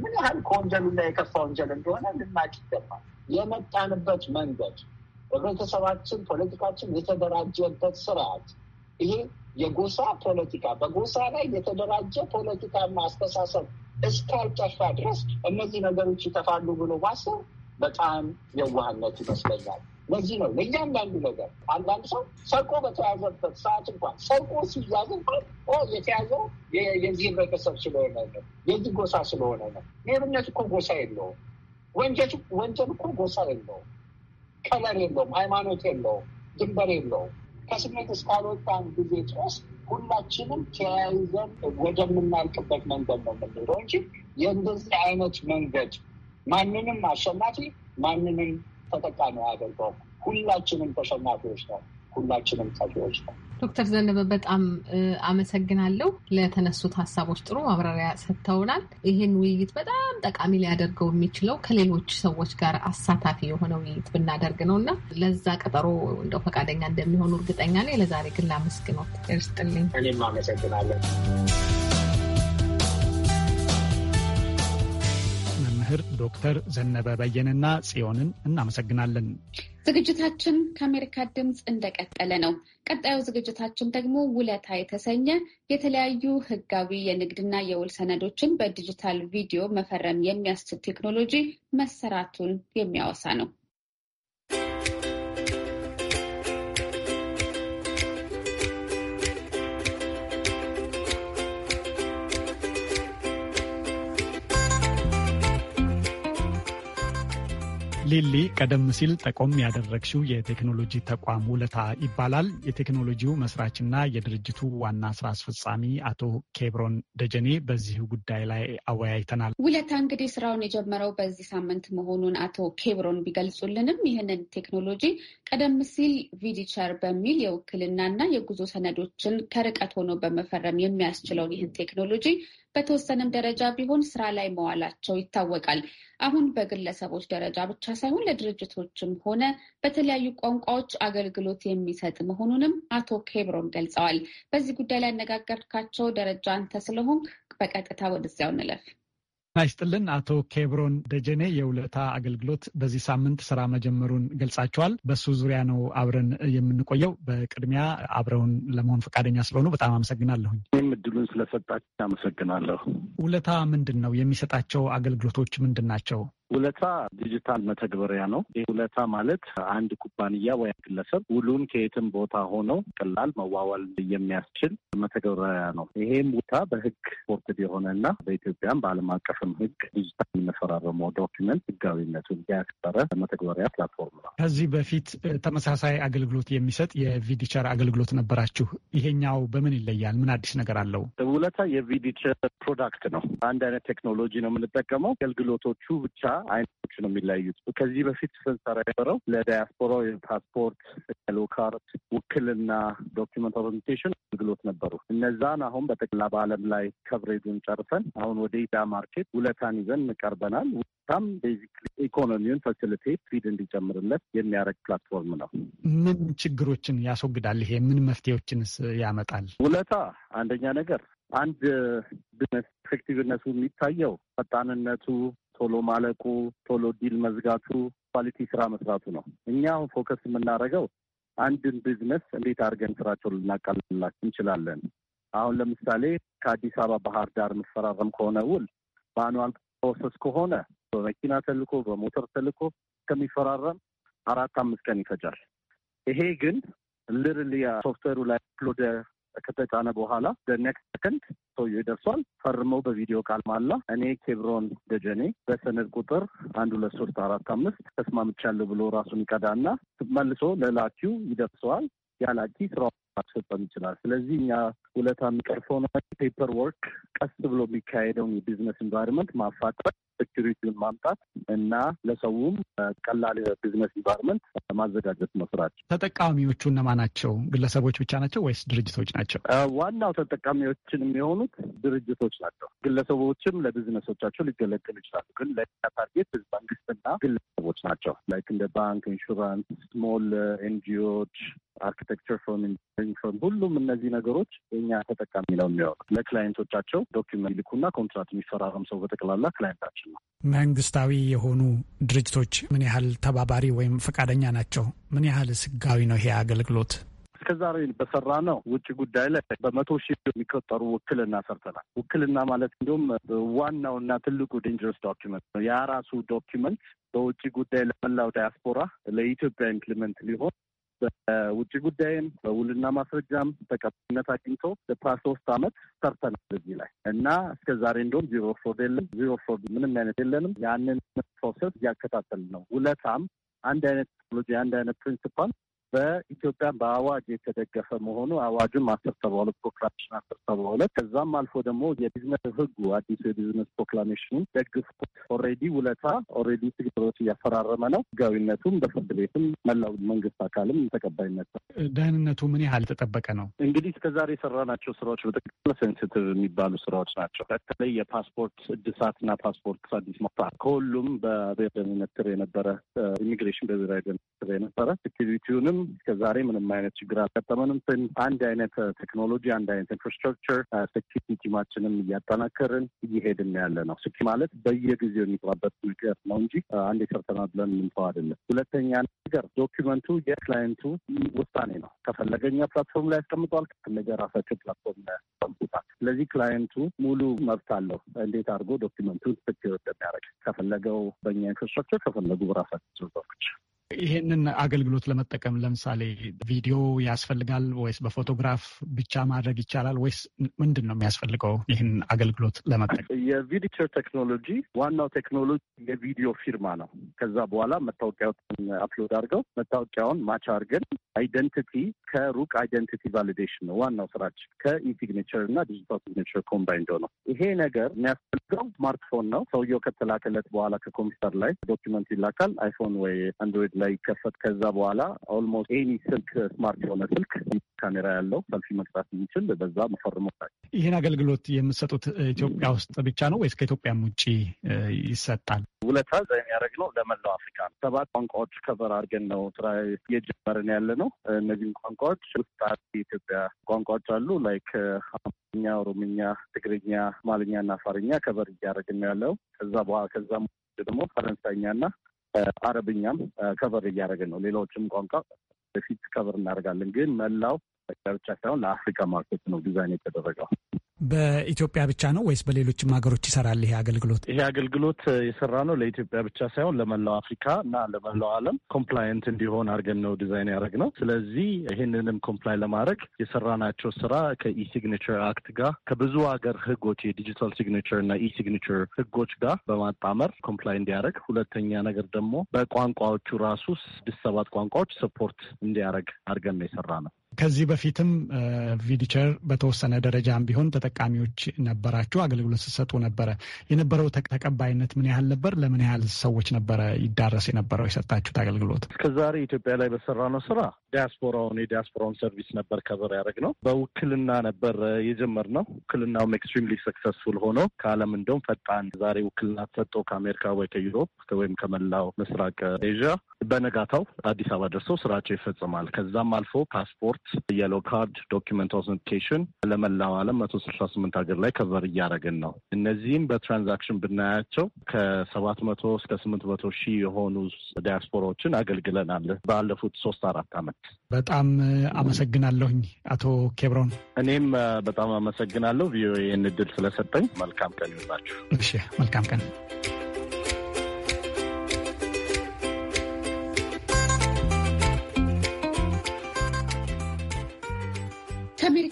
ምን ያህል ከወንጀሉና የከፋ ወንጀል እንደሆነ ልናቅ ይገባል። የመጣንበት መንገድ ህብረተሰባችን፣ ፖለቲካችን የተደራጀበት ስርዓት ይሄ የጎሳ ፖለቲካ በጎሳ ላይ የተደራጀ ፖለቲካ ማስተሳሰብ እስካልጠፋ ድረስ እነዚህ ነገሮች ይጠፋሉ ብሎ ማሰብ በጣም የዋህነት ይመስለኛል። ለዚህ ነው ለእያንዳንዱ ነገር አንዳንድ ሰው ሰርቆ በተያዘበት ሰዓት እንኳን ሰርቆ ሲያዝ እንኳን የተያዘው የዚህ ህብረተሰብ ስለሆነ ነው፣ የዚህ ጎሳ ስለሆነ ነው። ሌብነት እኮ ጎሳ የለውም። ወንጀል እኮ ጎሳ የለውም። ቀለም የለውም፣ ሃይማኖት የለውም፣ ድንበር የለውም። ከስሜት እስካልወጣን ጊዜ ድረስ ሁላችንም ተያይዘን ወደምናልቅበት መንገድ ነው የምንሄደው እንጂ የእንደዚህ አይነት መንገድ ማንንም አሸናፊ ማንንም ተጠቃሚ አያደርገውም። ሁላችንም ተሸናፊዎች ነው። ሁላችንም ተገዎች ነው። ዶክተር ዘነበ በጣም አመሰግናለሁ ለተነሱት ሀሳቦች ጥሩ ማብራሪያ ሰጥተውናል። ይህን ውይይት በጣም ጠቃሚ ሊያደርገው የሚችለው ከሌሎች ሰዎች ጋር አሳታፊ የሆነ ውይይት ብናደርግ ነው እና ለዛ ቀጠሮ እንደው ፈቃደኛ እንደሚሆኑ እርግጠኛ ነኝ። ለዛሬ ግን ላመስግነው እርስጥልኝ። እኔም አመሰግናለን። መምህር ዶክተር ዘነበ በየንና ጽዮንን እናመሰግናለን። ዝግጅታችን ከአሜሪካ ድምፅ እንደቀጠለ ነው። ቀጣዩ ዝግጅታችን ደግሞ ውለታ የተሰኘ የተለያዩ ሕጋዊ የንግድና የውል ሰነዶችን በዲጂታል ቪዲዮ መፈረም የሚያስችል ቴክኖሎጂ መሰራቱን የሚያወሳ ነው። ሊሊ ቀደም ሲል ጠቆም ያደረግሽው የቴክኖሎጂ ተቋም ውለታ ይባላል። የቴክኖሎጂው መስራችና የድርጅቱ ዋና ስራ አስፈጻሚ አቶ ኬብሮን ደጀኔ በዚህ ጉዳይ ላይ አወያይተናል። ውለታ እንግዲህ ስራውን የጀመረው በዚህ ሳምንት መሆኑን አቶ ኬብሮን ቢገልጹልንም ይህንን ቴክኖሎጂ ቀደም ሲል ቪዲቸር በሚል የውክልናና የጉዞ ሰነዶችን ከርቀት ሆኖ በመፈረም የሚያስችለውን ይህን ቴክኖሎጂ በተወሰነም ደረጃ ቢሆን ስራ ላይ መዋላቸው ይታወቃል። አሁን በግለሰቦች ደረጃ ብቻ ሳይሆን ለድርጅቶችም ሆነ በተለያዩ ቋንቋዎች አገልግሎት የሚሰጥ መሆኑንም አቶ ኬብሮን ገልጸዋል። በዚህ ጉዳይ ላይ ያነጋገርካቸው ደረጃ አንተ ስለሆንክ በቀጥታ ወደዚያው እንለፍ። ናይስጥልን አቶ ኬብሮን ደጀኔ የውለታ አገልግሎት በዚህ ሳምንት ስራ መጀመሩን ገልጻቸዋል። በሱ ዙሪያ ነው አብረን የምንቆየው። በቅድሚያ አብረውን ለመሆን ፈቃደኛ ስለሆኑ በጣም አመሰግናለሁኝ። ይህም እድሉን ስለሰጣችሁ አመሰግናለሁ። ውለታ ምንድን ነው? የሚሰጣቸው አገልግሎቶች ምንድን ናቸው? ውለታ ዲጂታል መተግበሪያ ነው። ይህ ውለታ ማለት አንድ ኩባንያ ወይ ግለሰብ ውሉን ከየትም ቦታ ሆኖ ቀላል መዋዋል የሚያስችል መተግበሪያ ነው። ይሄም ውለታ በህግ ፖርትድ የሆነ እና በኢትዮጵያም በዓለም አቀፍም ህግ ዲጂታል የሚፈራረመው ዶኪመንት ሕጋዊነቱን ያከበረ መተግበሪያ ፕላትፎርም ነው። ከዚህ በፊት ተመሳሳይ አገልግሎት የሚሰጥ የቪዲቸር አገልግሎት ነበራችሁ። ይሄኛው በምን ይለያል? ምን አዲስ ነገር አለው? ውለታ የቪዲቸር ፕሮዳክት ነው። አንድ አይነት ቴክኖሎጂ ነው የምንጠቀመው። አገልግሎቶቹ ብቻ አይነቶች ነው የሚለያዩት። ከዚህ በፊት ስንሰራ የነበረው ለዳያስፖራው የፓስፖርት የሎ ካርድ፣ ውክልና፣ ዶኪመንት ኦሪንቴሽን አገልግሎት ነበሩ። እነዛን አሁን በጠቅላ በዓለም ላይ ከብሬዱን ጨርሰን አሁን ወደ ኢዳ ማርኬት ውለታን ይዘን እንቀርበናል። ውለታም ቤዚክ ኢኮኖሚውን ፋሲሊቴት ፊድ እንዲጨምርለት የሚያደርግ ፕላትፎርም ነው። ምን ችግሮችን ያስወግዳል? ይሄ ምን መፍትሄዎችንስ ያመጣል? ውለታ አንደኛ ነገር አንድ ቢዝነስ ኤፌክቲቭነቱ የሚታየው ፈጣንነቱ ቶሎ ማለቁ፣ ቶሎ ዲል መዝጋቱ፣ ኳሊቲ ስራ መስራቱ ነው። እኛ አሁን ፎከስ የምናደርገው አንድን ቢዝነስ እንዴት አድርገን ስራቸው ልናቃልላቸው እንችላለን። አሁን ለምሳሌ ከአዲስ አበባ ባህር ዳር የምፈራረም ከሆነ ውል በአኑዋል ፕሮሰስ ከሆነ በመኪና ተልኮ በሞተር ተልኮ ከሚፈራረም አራት አምስት ቀን ይፈጃል። ይሄ ግን ልርልያ ሶፍትዌሩ ላይ አፕሎድ ከተጫነ በኋላ በኔክስት ሰከንድ ሰውዬው ይደርሷል። ፈርመው በቪዲዮ ቃል ማላ እኔ ኬብሮን ደጀኔ በሰነድ ቁጥር አንድ ሁለት ሶስት አራት አምስት ተስማምቻለሁ ብሎ ራሱን ይቀዳና መልሶ ለላኪው ይደርሰዋል። ያላኪ ስራ ማስፈጸም ይችላል። ስለዚህ እኛ ውለታ የሚቀርፈው ነው ፔፐር ወርክ ቀስ ብሎ የሚካሄደውን የቢዝነስ ኢንቫይሮንመንት ማፋጠር ሴኪሪቲውን ማምጣት እና ለሰውም ቀላል ቢዝነስ ኢንቫይሮንመንት ማዘጋጀት መስራት። ተጠቃሚዎቹ እነማ ናቸው? ግለሰቦች ብቻ ናቸው ወይስ ድርጅቶች ናቸው? ዋናው ተጠቃሚዎችን የሚሆኑት ድርጅቶች ናቸው። ግለሰቦችም ለቢዝነሶቻቸው ሊገለገሉ ይችላሉ። ግን ለኛ ታርጌት መንግስትና ግለሰቦች ናቸው። ላይክ እንደ ባንክ፣ ኢንሹራንስ፣ ስሞል ኤንጂኦዎች አርኪቴክቸር ፍሮም ሁሉም እነዚህ ነገሮች የኛ ተጠቃሚ ነው የሚሆኑት። ለክላይንቶቻቸው ዶኪመንት ይልኩና ኮንትራት የሚፈራረም ሰው በጠቅላላ ክላይንታችን ነው። መንግስታዊ የሆኑ ድርጅቶች ምን ያህል ተባባሪ ወይም ፈቃደኛ ናቸው? ምን ያህል ህጋዊ ነው ይሄ አገልግሎት? እስከዛሬ በሰራ ነው ውጭ ጉዳይ ላይ በመቶ ሺህ የሚቆጠሩ ውክልና ሰርተናል። ውክልና ማለት እንዲሁም ዋናውና ትልቁ ዴንጀረስ ዶኪመንት ነው። ያ ራሱ ዶኪመንት በውጭ ጉዳይ ለመላው ዳያስፖራ ለኢትዮጵያ ኢምፕሊመንት ሊሆን በውጭ ጉዳይም በውልና ማስረጃም ተቀባይነት አግኝቶ ለፓ ሶስት አመት ሰርተናል እዚህ ላይ እና እስከ ዛሬ እንደውም ዚሮ ፍሮድ የለም ዚሮ ፍሮድ ምንም አይነት የለንም። ያንን ፕሮሰስ እያከታተል ነው። ውለታም አንድ አይነት ቴክኖሎጂ አንድ አይነት ፕሪንስፓል በኢትዮጵያ በአዋጅ የተደገፈ መሆኑ አዋጁም አስር ሰባ ሁለት ፕሮክላሜሽን አስር ሰባ ሁለት ከዛም አልፎ ደግሞ የቢዝነስ ህጉ አዲሱ የቢዝነስ ፕሮክላሜሽን ደግፎ ኦሬዲ ውለታ ኦሬዲ ትግበሮች እያፈራረመ ነው። ህጋዊነቱም በፍርድ ቤትም መላው መንግስት አካልም ተቀባይነት ነው። ደህንነቱ ምን ያህል ተጠበቀ ነው? እንግዲህ እስከዛሬ የሰራናቸው ስራዎች በጥቅል ሴንስቲቭ የሚባሉ ስራዎች ናቸው። በተለይ የፓስፖርት እድሳትና ፓስፖርት አዲስ ማውጣት ከሁሉም በብሔር ደህንነት ስር የነበረ ኢሚግሬሽን በብሔራዊ ደህንነት ስር የነበረ ሴኪሪቲውንም አልነበረንም። እስከዛሬ ምንም አይነት ችግር አልገጠመንም። አንድ አይነት ቴክኖሎጂ፣ አንድ አይነት ኢንፍራስትራክቸር፣ ሴኪሪቲ ቲማችንም እያጠናከርን እየሄድን ያለ ነው። ስኪ ማለት በየጊዜው የሚባበት ነገር ነው እንጂ አንድ የሰርተናል ብለን የምንተው አይደለም። ሁለተኛ ነገር ዶኪመንቱ የክላይንቱ ውሳኔ ነው። ከፈለገኛ ፕላትፎርም ላይ ያስቀምጧል፣ ከፈለገ ራሳቸው ፕላትፎርም ላይ ያስቀምጡታል። ስለዚህ ክላይንቱ ሙሉ መብት አለው እንዴት አድርጎ ዶኪመንቱን ስኪር እንደሚያደርግ ከፈለገው በኛ ኢንፍራስትራክቸር ከፈለጉ በራሳቸው ይሄንን አገልግሎት ለመጠቀም ለምሳሌ ቪዲዮ ያስፈልጋል ወይስ በፎቶግራፍ ብቻ ማድረግ ይቻላል ወይስ ምንድን ነው የሚያስፈልገው? ይህን አገልግሎት ለመጠቀም የቪዲቸር ቴክኖሎጂ ዋናው ቴክኖሎጂ የቪዲዮ ፊርማ ነው። ከዛ በኋላ መታወቂያውን አፕሎድ አድርገው መታወቂያውን ማች አድርገን አይደንቲቲ ከሩቅ አይደንቲቲ ቫሊዴሽን ነው ዋናው ስራችን ከኢሲግኔቸር እና ዲጂታል ሲግኔቸር ኮምባይንድ ነው። ይሄ ነገር የሚያስፈልገው ስማርትፎን ነው። ሰውየው ከተላከለት በኋላ ከኮምፒውተር ላይ ዶኪመንት ይላካል። አይፎን ወይ አንድሮይድ ላይ ይከፈት። ከዛ በኋላ ኦልሞስት ኤኒ ስልክ ስማርት የሆነ ስልክ ካሜራ ያለው ሰልፊ መቅጣት የሚችል በዛ መፈርሞ ይህን አገልግሎት የምትሰጡት ኢትዮጵያ ውስጥ ብቻ ነው ወይስ ከኢትዮጵያም ውጭ ይሰጣል? ውለታ እዛ የሚያደርግ ነው ለመላው አፍሪካ ነው። ሰባት ቋንቋዎች ከበር አድርገን ነው ስራ እየጀመርን ያለ ነው። እነዚህም ቋንቋዎች ውስጥ የኢትዮጵያ ቋንቋዎች አሉ ላይክ ኛ ኦሮምኛ፣ ትግርኛ፣ ማልኛ እና አፋርኛ ከበር እያደረግን ያለው ከዛ በኋላ ከዛ ደግሞ ፈረንሳይኛ እና አረብኛም ከቨር እያደረግን ነው። ሌሎችም ቋንቋ በፊት ከቨር እናደርጋለን፣ ግን መላው ኢትዮጵያ ብቻ ሳይሆን ለአፍሪካ ማርኬት ነው ዲዛይን የተደረገው። በኢትዮጵያ ብቻ ነው ወይስ በሌሎችም ሀገሮች ይሰራል? ይሄ አገልግሎት ይሄ አገልግሎት የሰራ ነው ለኢትዮጵያ ብቻ ሳይሆን ለመላው አፍሪካ እና ለመላው ዓለም ኮምፕላይንት እንዲሆን አድርገን ነው ዲዛይን ያደረግ ነው። ስለዚህ ይህንንም ኮምፕላይ ለማድረግ የሰራናቸው ስራ ከኢሲግኔቸር አክት ጋር ከብዙ ሀገር ህጎች የዲጂታል ሲግኔቸር እና ኢሲግኔቸር ህጎች ጋር በማጣመር ኮምፕላይ እንዲያደረግ፣ ሁለተኛ ነገር ደግሞ በቋንቋዎቹ ራሱ ስድስት ሰባት ቋንቋዎች ሰፖርት እንዲያደርግ አድርገን ነው የሰራ ነው። ከዚህ በፊትም ቪዲቸር በተወሰነ ደረጃም ቢሆን ተጠቃሚዎች ነበራችሁ፣ አገልግሎት ስትሰጡ ነበረ። የነበረው ተቀባይነት ምን ያህል ነበር? ለምን ያህል ሰዎች ነበረ ይዳረስ የነበረው የሰጣችሁት አገልግሎት? እስከዛሬ ኢትዮጵያ ላይ በሰራነው ስራ ዲያስፖራውን የዲያስፖራውን ሰርቪስ ነበር ከበር ነው። በውክልና ነበር የጀመርነው። ውክልናውም ኤክስትሪምሊ ሰክሰስፉል ሆኖ ከዓለም እንደውም ፈጣን ዛሬ ውክልና ተሰጠው ከአሜሪካ ወይ ከዩሮፕ ወይም ከመላው ምስራቅ ኤዥያ በነጋታው አዲስ አበባ ደርሰው ስራቸው ይፈጽማል። ከዛም አልፎ ፓስፖርት ፓስፖርት፣ የሎ ካርድ፣ ዶኪመንት ኦዘንቲኬሽን ለመላው ዓለም መቶ ስልሳ ስምንት ሀገር ላይ ከቨር እያደረግን ነው። እነዚህም በትራንዛክሽን ብናያቸው ከሰባት መቶ እስከ ስምንት መቶ ሺህ የሆኑ ዲያስፖራዎችን አገልግለናል ባለፉት ሶስት አራት አመት። በጣም አመሰግናለሁኝ አቶ ኬብሮን። እኔም በጣም አመሰግናለሁ ቪኦኤ ይህን እድል ስለሰጠኝ። መልካም ቀን ይሁንላችሁ። እሺ መልካም ቀን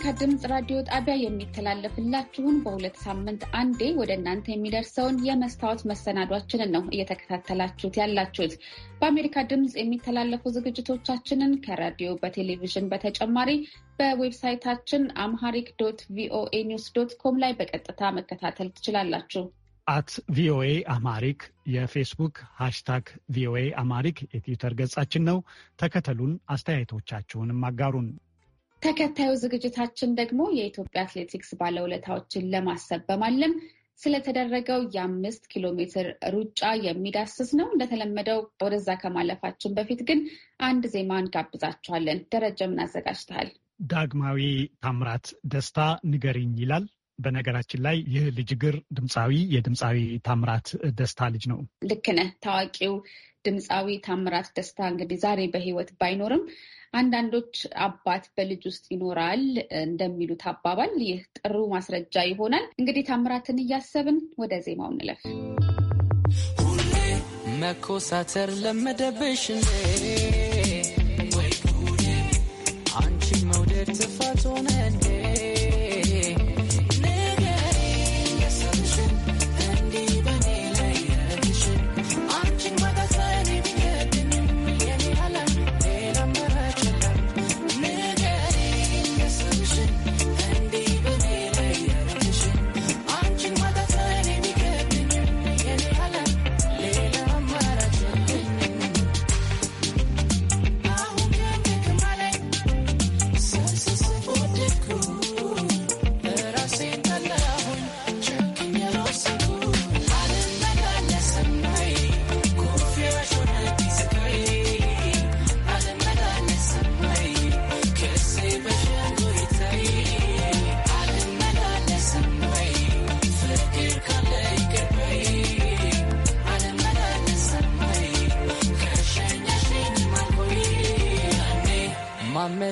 ከአሜሪካ ድምፅ ራዲዮ ጣቢያ የሚተላለፍላችሁን በሁለት ሳምንት አንዴ ወደ እናንተ የሚደርሰውን የመስታወት መሰናዷችንን ነው እየተከታተላችሁት ያላችሁት። በአሜሪካ ድምፅ የሚተላለፉ ዝግጅቶቻችንን ከራዲዮ በቴሌቪዥን በተጨማሪ በዌብሳይታችን አምሃሪክ ዶት ቪኦኤ ኒውስ ዶት ኮም ላይ በቀጥታ መከታተል ትችላላችሁ። አት ቪኦኤ አማሪክ የፌስቡክ ሃሽታግ ቪኦኤ አማሪክ የትዊተር ገጻችን ነው። ተከተሉን፣ አስተያየቶቻችሁንም አጋሩን። ተከታዩ ዝግጅታችን ደግሞ የኢትዮጵያ አትሌቲክስ ባለውለታዎችን ለማሰብ በማለም ስለተደረገው የአምስት ኪሎ ሜትር ሩጫ የሚዳስስ ነው። እንደተለመደው ወደዛ ከማለፋችን በፊት ግን አንድ ዜማ እንጋብዛችኋለን። ደረጀ ምን አዘጋጅተሃል? ዳግማዊ ታምራት ደስታ ንገሪኝ ይላል። በነገራችን ላይ ይህ ልጅ ግር ድምፃዊ የድምፃዊ ታምራት ደስታ ልጅ ነው። ልክ ነህ። ታዋቂው ድምፃዊ ታምራት ደስታ እንግዲህ ዛሬ በህይወት ባይኖርም አንዳንዶች አባት በልጅ ውስጥ ይኖራል እንደሚሉት አባባል ይህ ጥሩ ማስረጃ ይሆናል። እንግዲህ ታምራትን እያሰብን ወደ ዜማው እንለፍ። መኮሳተር ለመደብሽ አንቺን መውደድ ጥፋት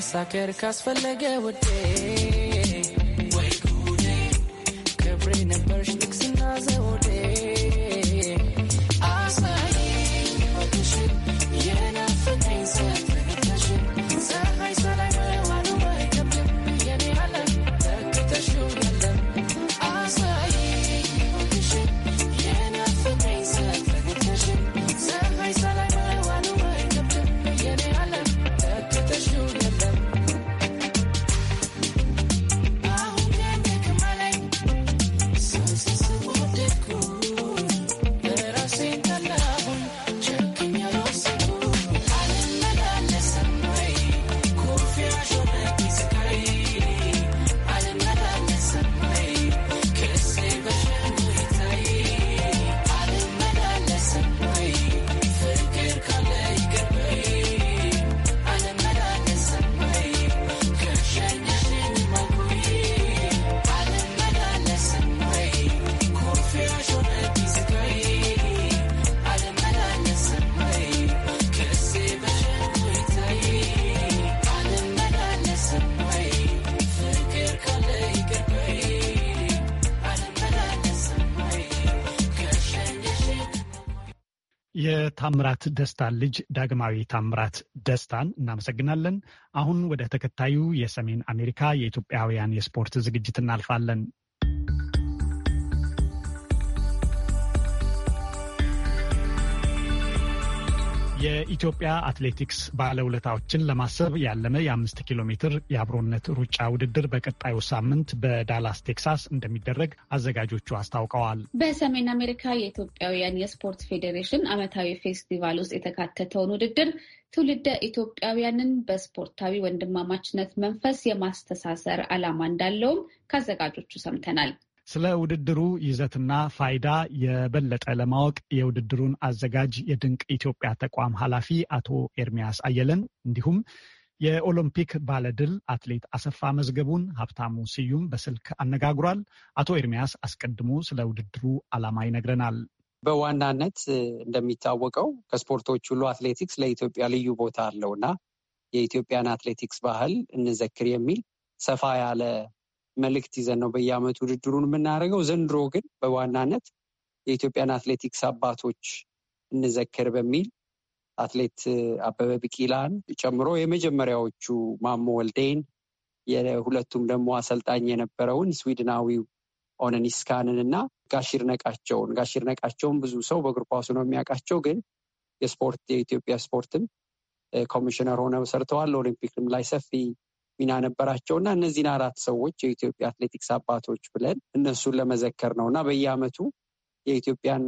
መሳከር ካስፈለገ ውዴ ክብሬ ነበርሽ ንግስና ዘውዴ የታምራት ደስታን ልጅ ዳግማዊ ታምራት ደስታን እናመሰግናለን። አሁን ወደ ተከታዩ የሰሜን አሜሪካ የኢትዮጵያውያን የስፖርት ዝግጅት እናልፋለን። የኢትዮጵያ አትሌቲክስ ባለውለታዎችን ለማሰብ ያለመ የአምስት ኪሎ ሜትር የአብሮነት ሩጫ ውድድር በቀጣዩ ሳምንት በዳላስ ቴክሳስ እንደሚደረግ አዘጋጆቹ አስታውቀዋል። በሰሜን አሜሪካ የኢትዮጵያውያን የስፖርት ፌዴሬሽን ዓመታዊ ፌስቲቫል ውስጥ የተካተተውን ውድድር ትውልደ ኢትዮጵያውያንን በስፖርታዊ ወንድማማችነት መንፈስ የማስተሳሰር ዓላማ እንዳለውም ከአዘጋጆቹ ሰምተናል። ስለ ውድድሩ ይዘትና ፋይዳ የበለጠ ለማወቅ የውድድሩን አዘጋጅ የድንቅ ኢትዮጵያ ተቋም ኃላፊ አቶ ኤርሚያስ አየለን እንዲሁም የኦሎምፒክ ባለድል አትሌት አሰፋ መዝገቡን ሀብታሙ ስዩም በስልክ አነጋግሯል። አቶ ኤርሚያስ አስቀድሞ ስለ ውድድሩ ዓላማ ይነግረናል። በዋናነት እንደሚታወቀው ከስፖርቶች ሁሉ አትሌቲክስ ለኢትዮጵያ ልዩ ቦታ እና የኢትዮጵያን አትሌቲክስ ባህል እንዘክር የሚል ሰፋ ያለ መልእክት ይዘን ነው በየአመቱ ውድድሩን የምናደርገው። ዘንድሮ ግን በዋናነት የኢትዮጵያን አትሌቲክስ አባቶች እንዘክር በሚል አትሌት አበበ ቢቂላን ጨምሮ የመጀመሪያዎቹ ማሞ ወልዴን፣ የሁለቱም ደግሞ አሰልጣኝ የነበረውን ስዊድናዊው ኦነኒስካንን እና ጋሽር ነቃቸውን ጋሽር ነቃቸውን ብዙ ሰው በእግር ኳሱ ነው የሚያውቃቸው ግን የስፖርት የኢትዮጵያ ስፖርትም ኮሚሽነር ሆነው ሰርተዋል። ኦሊምፒክም ላይ ሰፊ ሚና ነበራቸው እና እነዚህን አራት ሰዎች የኢትዮጵያ አትሌቲክስ አባቶች ብለን እነሱን ለመዘከር ነው እና በየአመቱ የኢትዮጵያን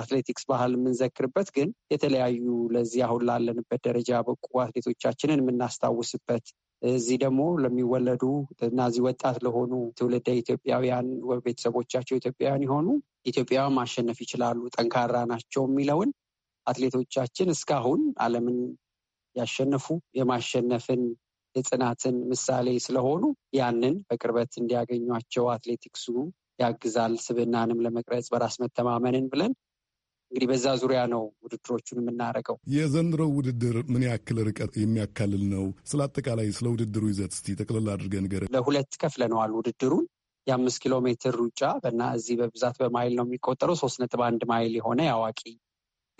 አትሌቲክስ ባህል የምንዘክርበት ግን የተለያዩ ለዚህ አሁን ላለንበት ደረጃ በቁ አትሌቶቻችንን የምናስታውስበት እዚህ ደግሞ ለሚወለዱ እና እዚህ ወጣት ለሆኑ ትውልደ ኢትዮጵያውያን ቤተሰቦቻቸው ኢትዮጵያውያን የሆኑ ኢትዮጵያውያን ማሸነፍ ይችላሉ፣ ጠንካራ ናቸው የሚለውን አትሌቶቻችን እስካሁን ዓለምን ያሸነፉ የማሸነፍን የጽናትን ምሳሌ ስለሆኑ ያንን በቅርበት እንዲያገኟቸው አትሌቲክሱ ያግዛል። ስብናንም ለመቅረጽ በራስ መተማመንን ብለን እንግዲህ በዛ ዙሪያ ነው ውድድሮቹን የምናደርገው። የዘንድሮው ውድድር ምን ያክል ርቀት የሚያካልል ነው? ስለ አጠቃላይ ስለ ውድድሩ ይዘት እስቲ ጠቅልላ አድርገህ ንገረን። ለሁለት ከፍለነዋል ውድድሩን የአምስት ኪሎ ሜትር ሩጫ በና እዚህ በብዛት በማይል ነው የሚቆጠረው ሶስት ነጥብ አንድ ማይል የሆነ የአዋቂ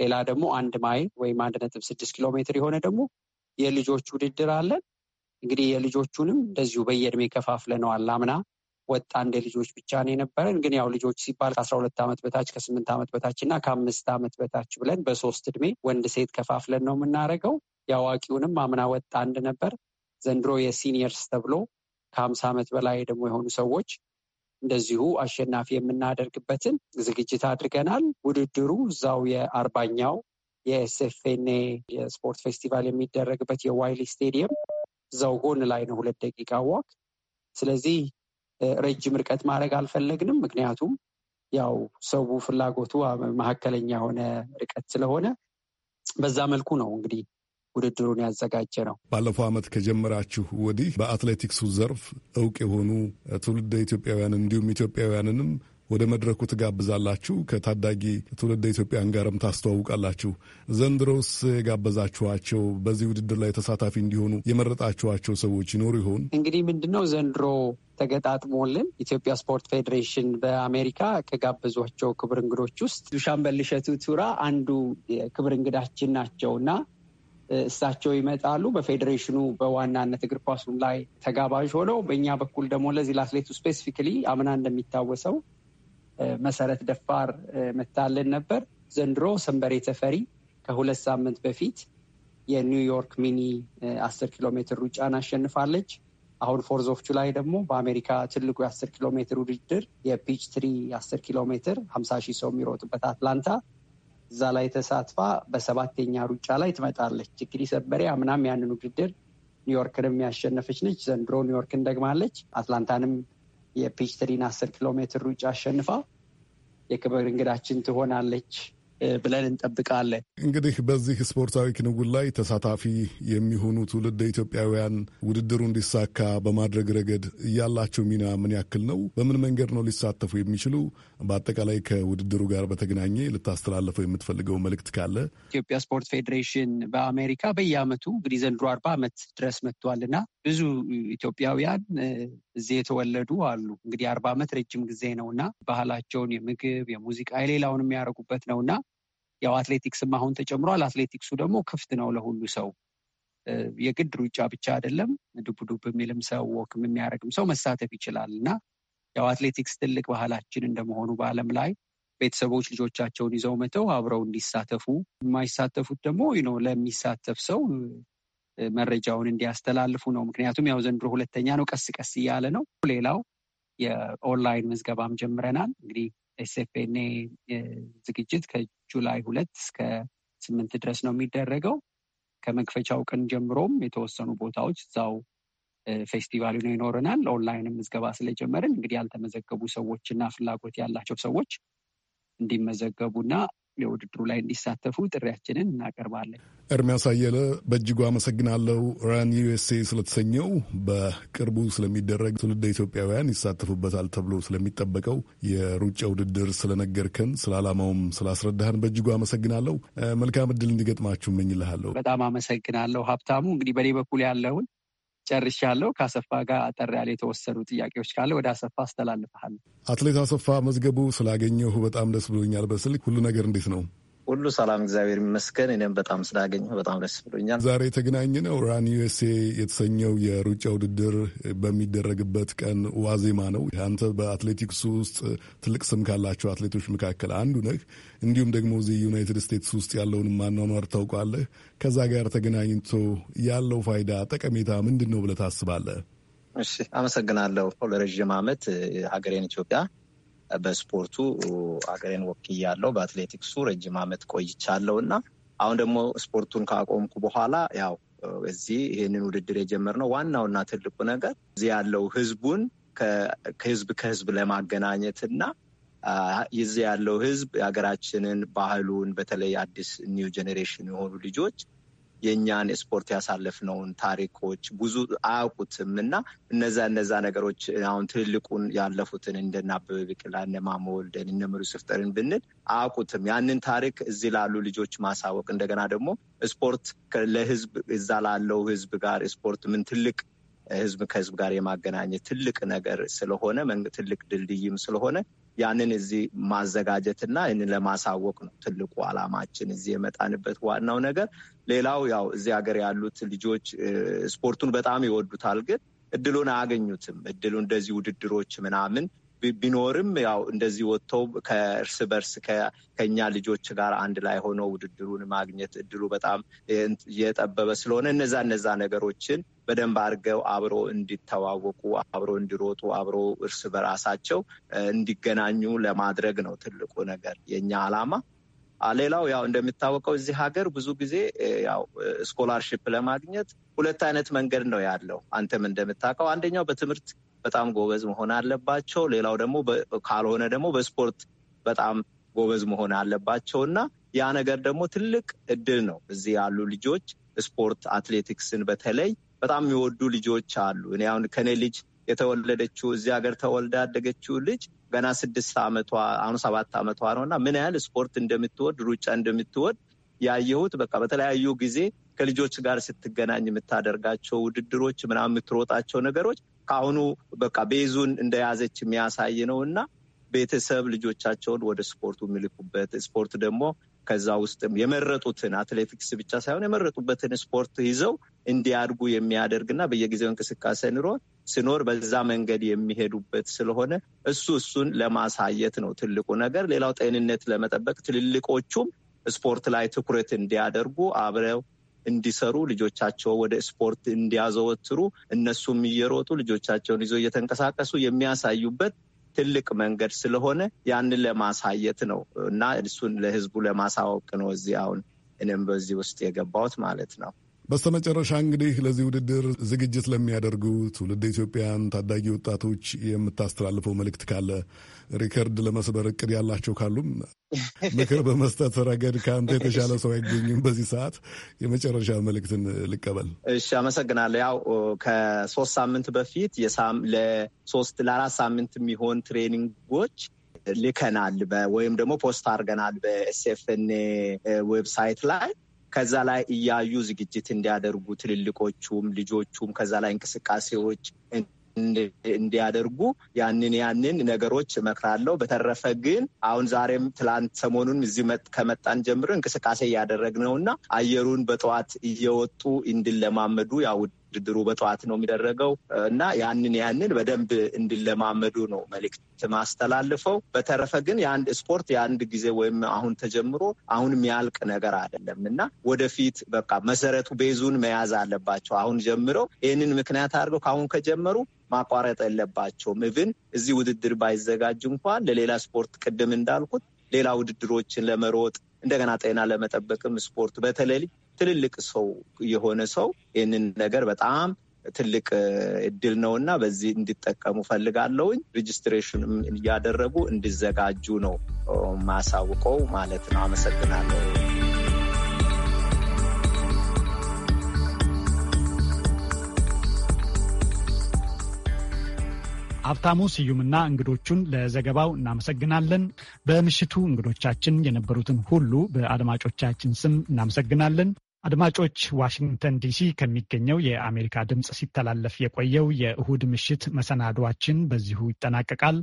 ሌላ ደግሞ አንድ ማይል ወይም አንድ ነጥብ ስድስት ኪሎ ሜትር የሆነ ደግሞ የልጆች ውድድር አለን። እንግዲህ የልጆቹንም እንደዚሁ በየእድሜ ከፋፍለነዋል። አምና ወጣ እንደ ልጆች ብቻ ነው የነበረን። ግን ያው ልጆች ሲባል ከአስራ ሁለት ዓመት በታች ከስምንት ዓመት በታች እና ከአምስት ዓመት በታች ብለን በሶስት እድሜ ወንድ ሴት ከፋፍለን ነው የምናደርገው። የአዋቂውንም አምና ወጣ አንድ ነበር። ዘንድሮ የሲኒየርስ ተብሎ ከአምሳ ዓመት በላይ ደግሞ የሆኑ ሰዎች እንደዚሁ አሸናፊ የምናደርግበትን ዝግጅት አድርገናል። ውድድሩ እዛው የአርባኛው የኤስኤፍኤንኤ የስፖርት ፌስቲቫል የሚደረግበት የዋይሊ ስቴዲየም እዛው ጎን ላይ ነው ሁለት ደቂቃ ዋክ። ስለዚህ ረጅም ርቀት ማድረግ አልፈለግንም። ምክንያቱም ያው ሰው ፍላጎቱ መካከለኛ የሆነ ርቀት ስለሆነ በዛ መልኩ ነው እንግዲህ ውድድሩን ያዘጋጀ ነው። ባለፈው ዓመት ከጀመራችሁ ወዲህ በአትሌቲክሱ ዘርፍ እውቅ የሆኑ ትውልደ ኢትዮጵያውያን እንዲሁም ኢትዮጵያውያንንም ወደ መድረኩ ትጋብዛላችሁ፣ ከታዳጊ ትውልደ ኢትዮጵያን ጋርም ታስተዋውቃላችሁ። ዘንድሮስ የጋበዛችኋቸው በዚህ ውድድር ላይ ተሳታፊ እንዲሆኑ የመረጣችኋቸው ሰዎች ይኖሩ ይሆን? እንግዲህ ምንድነው ዘንድሮ ተገጣጥሞልን ኢትዮጵያ ስፖርት ፌዴሬሽን በአሜሪካ ከጋበዟቸው ክብር እንግዶች ውስጥ ሻምበል እሸቱ ቱራ አንዱ የክብር እንግዳችን ናቸው እና እሳቸው ይመጣሉ። በፌዴሬሽኑ በዋናነት እግር ኳሱን ላይ ተጋባዥ ሆነው፣ በእኛ በኩል ደግሞ ለዚህ ለአትሌቱ ስፔሲፊካሊ አምና እንደሚታወሰው መሰረት ደፋር መታለን ነበር። ዘንድሮ ሰንበሬ ተፈሪ ከሁለት ሳምንት በፊት የኒውዮርክ ሚኒ አስር ኪሎ ሜትር ሩጫን አሸንፋለች። አሁን ፎርዝ ኦፍ ጁላይ ደግሞ በአሜሪካ ትልቁ የአስር ኪሎ ሜትር ውድድር የፒች ትሪ አስር ኪሎ ሜትር ሀምሳ ሺህ ሰው የሚሮጥበት አትላንታ እዛ ላይ ተሳትፋ በሰባተኛ ሩጫ ላይ ትመጣለች። እንግዲህ ሰንበሬ አምናም ያንን ውድድር ኒውዮርክንም ያሸነፈች ነች። ዘንድሮ ኒውዮርክን ደግማለች። አትላንታንም የፔችትሪን አስር ኪሎ ሜትር ሩጫ አሸንፋ የክብር እንግዳችን ትሆናለች ብለን እንጠብቃለን። እንግዲህ በዚህ ስፖርታዊ ክንውን ላይ ተሳታፊ የሚሆኑ ትውልደ ኢትዮጵያውያን ውድድሩ እንዲሳካ በማድረግ ረገድ ያላቸው ሚና ምን ያክል ነው? በምን መንገድ ነው ሊሳተፉ የሚችሉ? በአጠቃላይ ከውድድሩ ጋር በተገናኘ ልታስተላለፈው የምትፈልገው መልእክት ካለ? ኢትዮጵያ ስፖርት ፌዴሬሽን በአሜሪካ በየአመቱ እንግዲህ ዘንድሮ አርባ ዓመት ድረስ መጥቷል ብዙ ኢትዮጵያውያን እዚህ የተወለዱ አሉ። እንግዲህ አርባ ዓመት ረጅም ጊዜ ነው እና ባህላቸውን የምግብ የሙዚቃ የሌላውን የሚያደርጉበት ነው እና ያው አትሌቲክስም አሁን ተጨምሯል። አትሌቲክሱ ደግሞ ክፍት ነው ለሁሉ ሰው። የግድ ሩጫ ብቻ አይደለም። ዱብ ዱብ የሚልም ሰው ወክም የሚያደርግም ሰው መሳተፍ ይችላል እና ያው አትሌቲክስ ትልቅ ባህላችን እንደመሆኑ በዓለም ላይ ቤተሰቦች ልጆቻቸውን ይዘው መተው አብረው እንዲሳተፉ የማይሳተፉት ደግሞ ለሚሳተፍ ሰው መረጃውን እንዲያስተላልፉ ነው። ምክንያቱም ያው ዘንድሮ ሁለተኛ ነው፣ ቀስ ቀስ እያለ ነው። ሌላው የኦንላይን ምዝገባም ጀምረናል። እንግዲህ ኤስፍኔ ዝግጅት ከጁላይ ሁለት እስከ ስምንት ድረስ ነው የሚደረገው። ከመክፈቻው ቀን ጀምሮም የተወሰኑ ቦታዎች እዛው ፌስቲቫሉ ነው ይኖረናል። ኦንላይንም ምዝገባ ስለጀመርን እንግዲህ ያልተመዘገቡ ሰዎች እና ፍላጎት ያላቸው ሰዎች እንዲመዘገቡና የውድድሩ ላይ እንዲሳተፉ ጥሪያችንን እናቀርባለን። ኤርሚያስ አየለ በእጅጉ አመሰግናለሁ። ራን ዩኤስኤ ስለተሰኘው በቅርቡ ስለሚደረግ ትውልደ ኢትዮጵያውያን ይሳተፉበታል ተብሎ ስለሚጠበቀው የሩጫ ውድድር ስለነገርከን፣ ስለ ዓላማውም ስላስረዳህን በእጅጉ አመሰግናለሁ። መልካም እድል እንዲገጥማችሁ እመኝልሃለሁ። በጣም አመሰግናለሁ ሀብታሙ። እንግዲህ በእኔ በኩል ያለውን ጨርሻለሁ። ከአሰፋ ጋር አጠር ያለ የተወሰዱ ጥያቄዎች ካለ ወደ አሰፋ አስተላልፈሃል። አትሌት አሰፋ መዝገቡ ስላገኘሁ በጣም ደስ ብሎኛል። በስልክ ሁሉ ነገር እንዴት ነው? ሁሉ ሰላም፣ እግዚአብሔር ይመስገን። እኔም በጣም ስላገኘሁ በጣም ደስ ብሎኛል። ዛሬ የተገናኘ ነው ራን ዩኤስኤ የተሰኘው የሩጫ ውድድር በሚደረግበት ቀን ዋዜማ ነው። አንተ በአትሌቲክስ ውስጥ ትልቅ ስም ካላቸው አትሌቶች መካከል አንዱ ነህ። እንዲሁም ደግሞ እዚህ ዩናይትድ ስቴትስ ውስጥ ያለውን ማኗኗር ታውቋለህ። ከዛ ጋር ተገናኝቶ ያለው ፋይዳ፣ ጠቀሜታ ምንድን ነው ብለህ ታስባለህ? እሺ፣ አመሰግናለሁ። ለረዥም ዓመት ሀገሬን ኢትዮጵያ በስፖርቱ አገሬን ወክያለሁ። በአትሌቲክሱ ረጅም ዓመት ቆይቻለሁ እና አሁን ደግሞ ስፖርቱን ካቆምኩ በኋላ ያው እዚህ ይህንን ውድድር የጀመርነው ዋናውና ትልቁ ነገር እዚህ ያለው ህዝቡን ከህዝብ ከህዝብ ለማገናኘትና ይዚ ያለው ህዝብ የሀገራችንን ባህሉን በተለይ አዲስ ኒው ጄኔሬሽን የሆኑ ልጆች የእኛን ስፖርት ያሳለፍነውን ታሪኮች ብዙ አያውቁትም እና እነዛ እነዛ ነገሮች አሁን ትልልቁን ያለፉትን እንደነ አበበ ቢቂላ እነ ማሞ ወልደን እነ ምሩ ስፍጠርን ብንል አያውቁትም። ያንን ታሪክ እዚህ ላሉ ልጆች ማሳወቅ እንደገና ደግሞ ስፖርት ለህዝብ እዛ ላለው ህዝብ ጋር ስፖርት ምን ትልቅ ህዝብ ከህዝብ ጋር የማገናኘት ትልቅ ነገር ስለሆነ ትልቅ ድልድይም ስለሆነ ያንን እዚህ ማዘጋጀትና ይህንን ለማሳወቅ ነው ትልቁ አላማችን እዚህ የመጣንበት ዋናው ነገር። ሌላው ያው እዚህ ሀገር ያሉት ልጆች ስፖርቱን በጣም ይወዱታል፣ ግን እድሉን አያገኙትም። እድሉ እንደዚህ ውድድሮች ምናምን ቢኖርም ያው እንደዚህ ወጥተው ከእርስ በርስ ከኛ ልጆች ጋር አንድ ላይ ሆነው ውድድሩን ማግኘት እድሉ በጣም የጠበበ ስለሆነ እነዛ እነዛ ነገሮችን በደንብ አድርገው አብሮ እንዲተዋወቁ፣ አብሮ እንዲሮጡ፣ አብሮ እርስ በራሳቸው እንዲገናኙ ለማድረግ ነው ትልቁ ነገር የኛ አላማ ሌላው ያው እንደሚታወቀው እዚህ ሀገር ብዙ ጊዜ ያው ስኮላርሽፕ ለማግኘት ሁለት አይነት መንገድ ነው ያለው። አንተም እንደምታውቀው አንደኛው በትምህርት በጣም ጎበዝ መሆን አለባቸው። ሌላው ደግሞ ካልሆነ ደግሞ በስፖርት በጣም ጎበዝ መሆን አለባቸው እና ያ ነገር ደግሞ ትልቅ እድል ነው። እዚህ ያሉ ልጆች ስፖርት አትሌቲክስን በተለይ በጣም የሚወዱ ልጆች አሉ። እኔ አሁን ከኔ ልጅ የተወለደችው እዚህ ሀገር ተወልዳ ያደገችው ልጅ ገና ስድስት አመቷ አሁን ሰባት ዓመቷ ነው እና ምን ያህል ስፖርት እንደምትወድ ሩጫ እንደምትወድ ያየሁት በቃ በተለያዩ ጊዜ ከልጆች ጋር ስትገናኝ የምታደርጋቸው ውድድሮች ምናምን የምትሮጣቸው ነገሮች ከአሁኑ በቃ ቤዙን እንደያዘች የሚያሳይ ነው እና ቤተሰብ ልጆቻቸውን ወደ ስፖርቱ የሚልኩበት ስፖርት ደግሞ ከዛ ውስጥም የመረጡትን አትሌቲክስ ብቻ ሳይሆን የመረጡበትን ስፖርት ይዘው እንዲያድጉ የሚያደርግና በየጊዜው እንቅስቃሴ ኑሮ ሲኖር በዛ መንገድ የሚሄዱበት ስለሆነ እሱ እሱን ለማሳየት ነው ትልቁ ነገር። ሌላው ጤንነት ለመጠበቅ ትልልቆቹም ስፖርት ላይ ትኩረት እንዲያደርጉ አብረው እንዲሰሩ ልጆቻቸው ወደ ስፖርት እንዲያዘወትሩ እነሱም እየሮጡ ልጆቻቸውን ይዘው እየተንቀሳቀሱ የሚያሳዩበት ትልቅ መንገድ ስለሆነ ያንን ለማሳየት ነው እና እሱን ለህዝቡ ለማሳወቅ ነው እዚህ አሁን እኔም በዚህ ውስጥ የገባሁት ማለት ነው። በስተመጨረሻ እንግዲህ ለዚህ ውድድር ዝግጅት ለሚያደርጉ ትውልድ ኢትዮጵያን ታዳጊ ወጣቶች የምታስተላልፈው መልእክት ካለ ሪከርድ ለመስበር እቅድ ያላቸው ካሉም ምክር በመስጠት ረገድ ከአንተ የተሻለ ሰው አይገኝም። በዚህ ሰዓት የመጨረሻ መልእክትን ልቀበል። እሺ፣ አመሰግናለሁ። ያው ከሶስት ሳምንት በፊት ለሶስት ለአራት ሳምንት የሚሆን ትሬኒንጎች ልከናል ወይም ደግሞ ፖስት አድርገናል በኤስኤፍኤን ዌብሳይት ላይ ከዛ ላይ እያዩ ዝግጅት እንዲያደርጉ ትልልቆቹም ልጆቹም ከዛ ላይ እንቅስቃሴዎች እንዲያደርጉ ያንን ያንን ነገሮች እመክራለሁ። በተረፈ ግን አሁን ዛሬም ትላንት ሰሞኑን እዚህ ከመጣን ጀምሮ እንቅስቃሴ እያደረግ ነውና እና አየሩን በጠዋት እየወጡ እንድለማመዱ ያውድ ውድድሩ በጠዋት ነው የሚደረገው እና ያንን ያንን በደንብ እንዲለማመዱ ነው መልዕክት ማስተላልፈው። በተረፈ ግን የአንድ ስፖርት የአንድ ጊዜ ወይም አሁን ተጀምሮ አሁን የሚያልቅ ነገር አይደለም እና ወደፊት በቃ መሰረቱ ቤዙን መያዝ አለባቸው። አሁን ጀምረው ይህንን ምክንያት አድርገው ከአሁን ከጀመሩ ማቋረጥ የለባቸውም። ኢቭን እዚህ ውድድር ባይዘጋጅ እንኳን ለሌላ ስፖርት ቅድም እንዳልኩት ሌላ ውድድሮችን ለመሮጥ እንደገና ጤና ለመጠበቅም ስፖርት በተለይ ትልልቅ ሰው የሆነ ሰው ይህንን ነገር በጣም ትልቅ እድል ነው እና በዚህ እንዲጠቀሙ ፈልጋለውኝ። ሬጅስትሬሽን እያደረጉ እንዲዘጋጁ ነው ማሳውቀው ማለት ነው። አመሰግናለሁ። ሀብታሙ ስዩምና እንግዶቹን ለዘገባው እናመሰግናለን። በምሽቱ እንግዶቻችን የነበሩትን ሁሉ በአድማጮቻችን ስም እናመሰግናለን። አድማጮች፣ ዋሽንግተን ዲሲ ከሚገኘው የአሜሪካ ድምፅ ሲተላለፍ የቆየው የእሁድ ምሽት መሰናዷችን በዚሁ ይጠናቀቃል።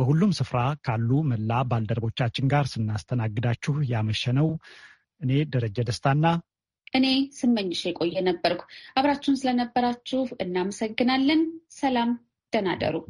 በሁሉም ስፍራ ካሉ መላ ባልደረቦቻችን ጋር ስናስተናግዳችሁ ያመሸነው እኔ ደረጀ ደስታና እኔ ስመኝሽ የቆየ ነበርኩ። አብራችሁን ስለነበራችሁ እናመሰግናለን። ሰላም፣ ደህና ደሩ።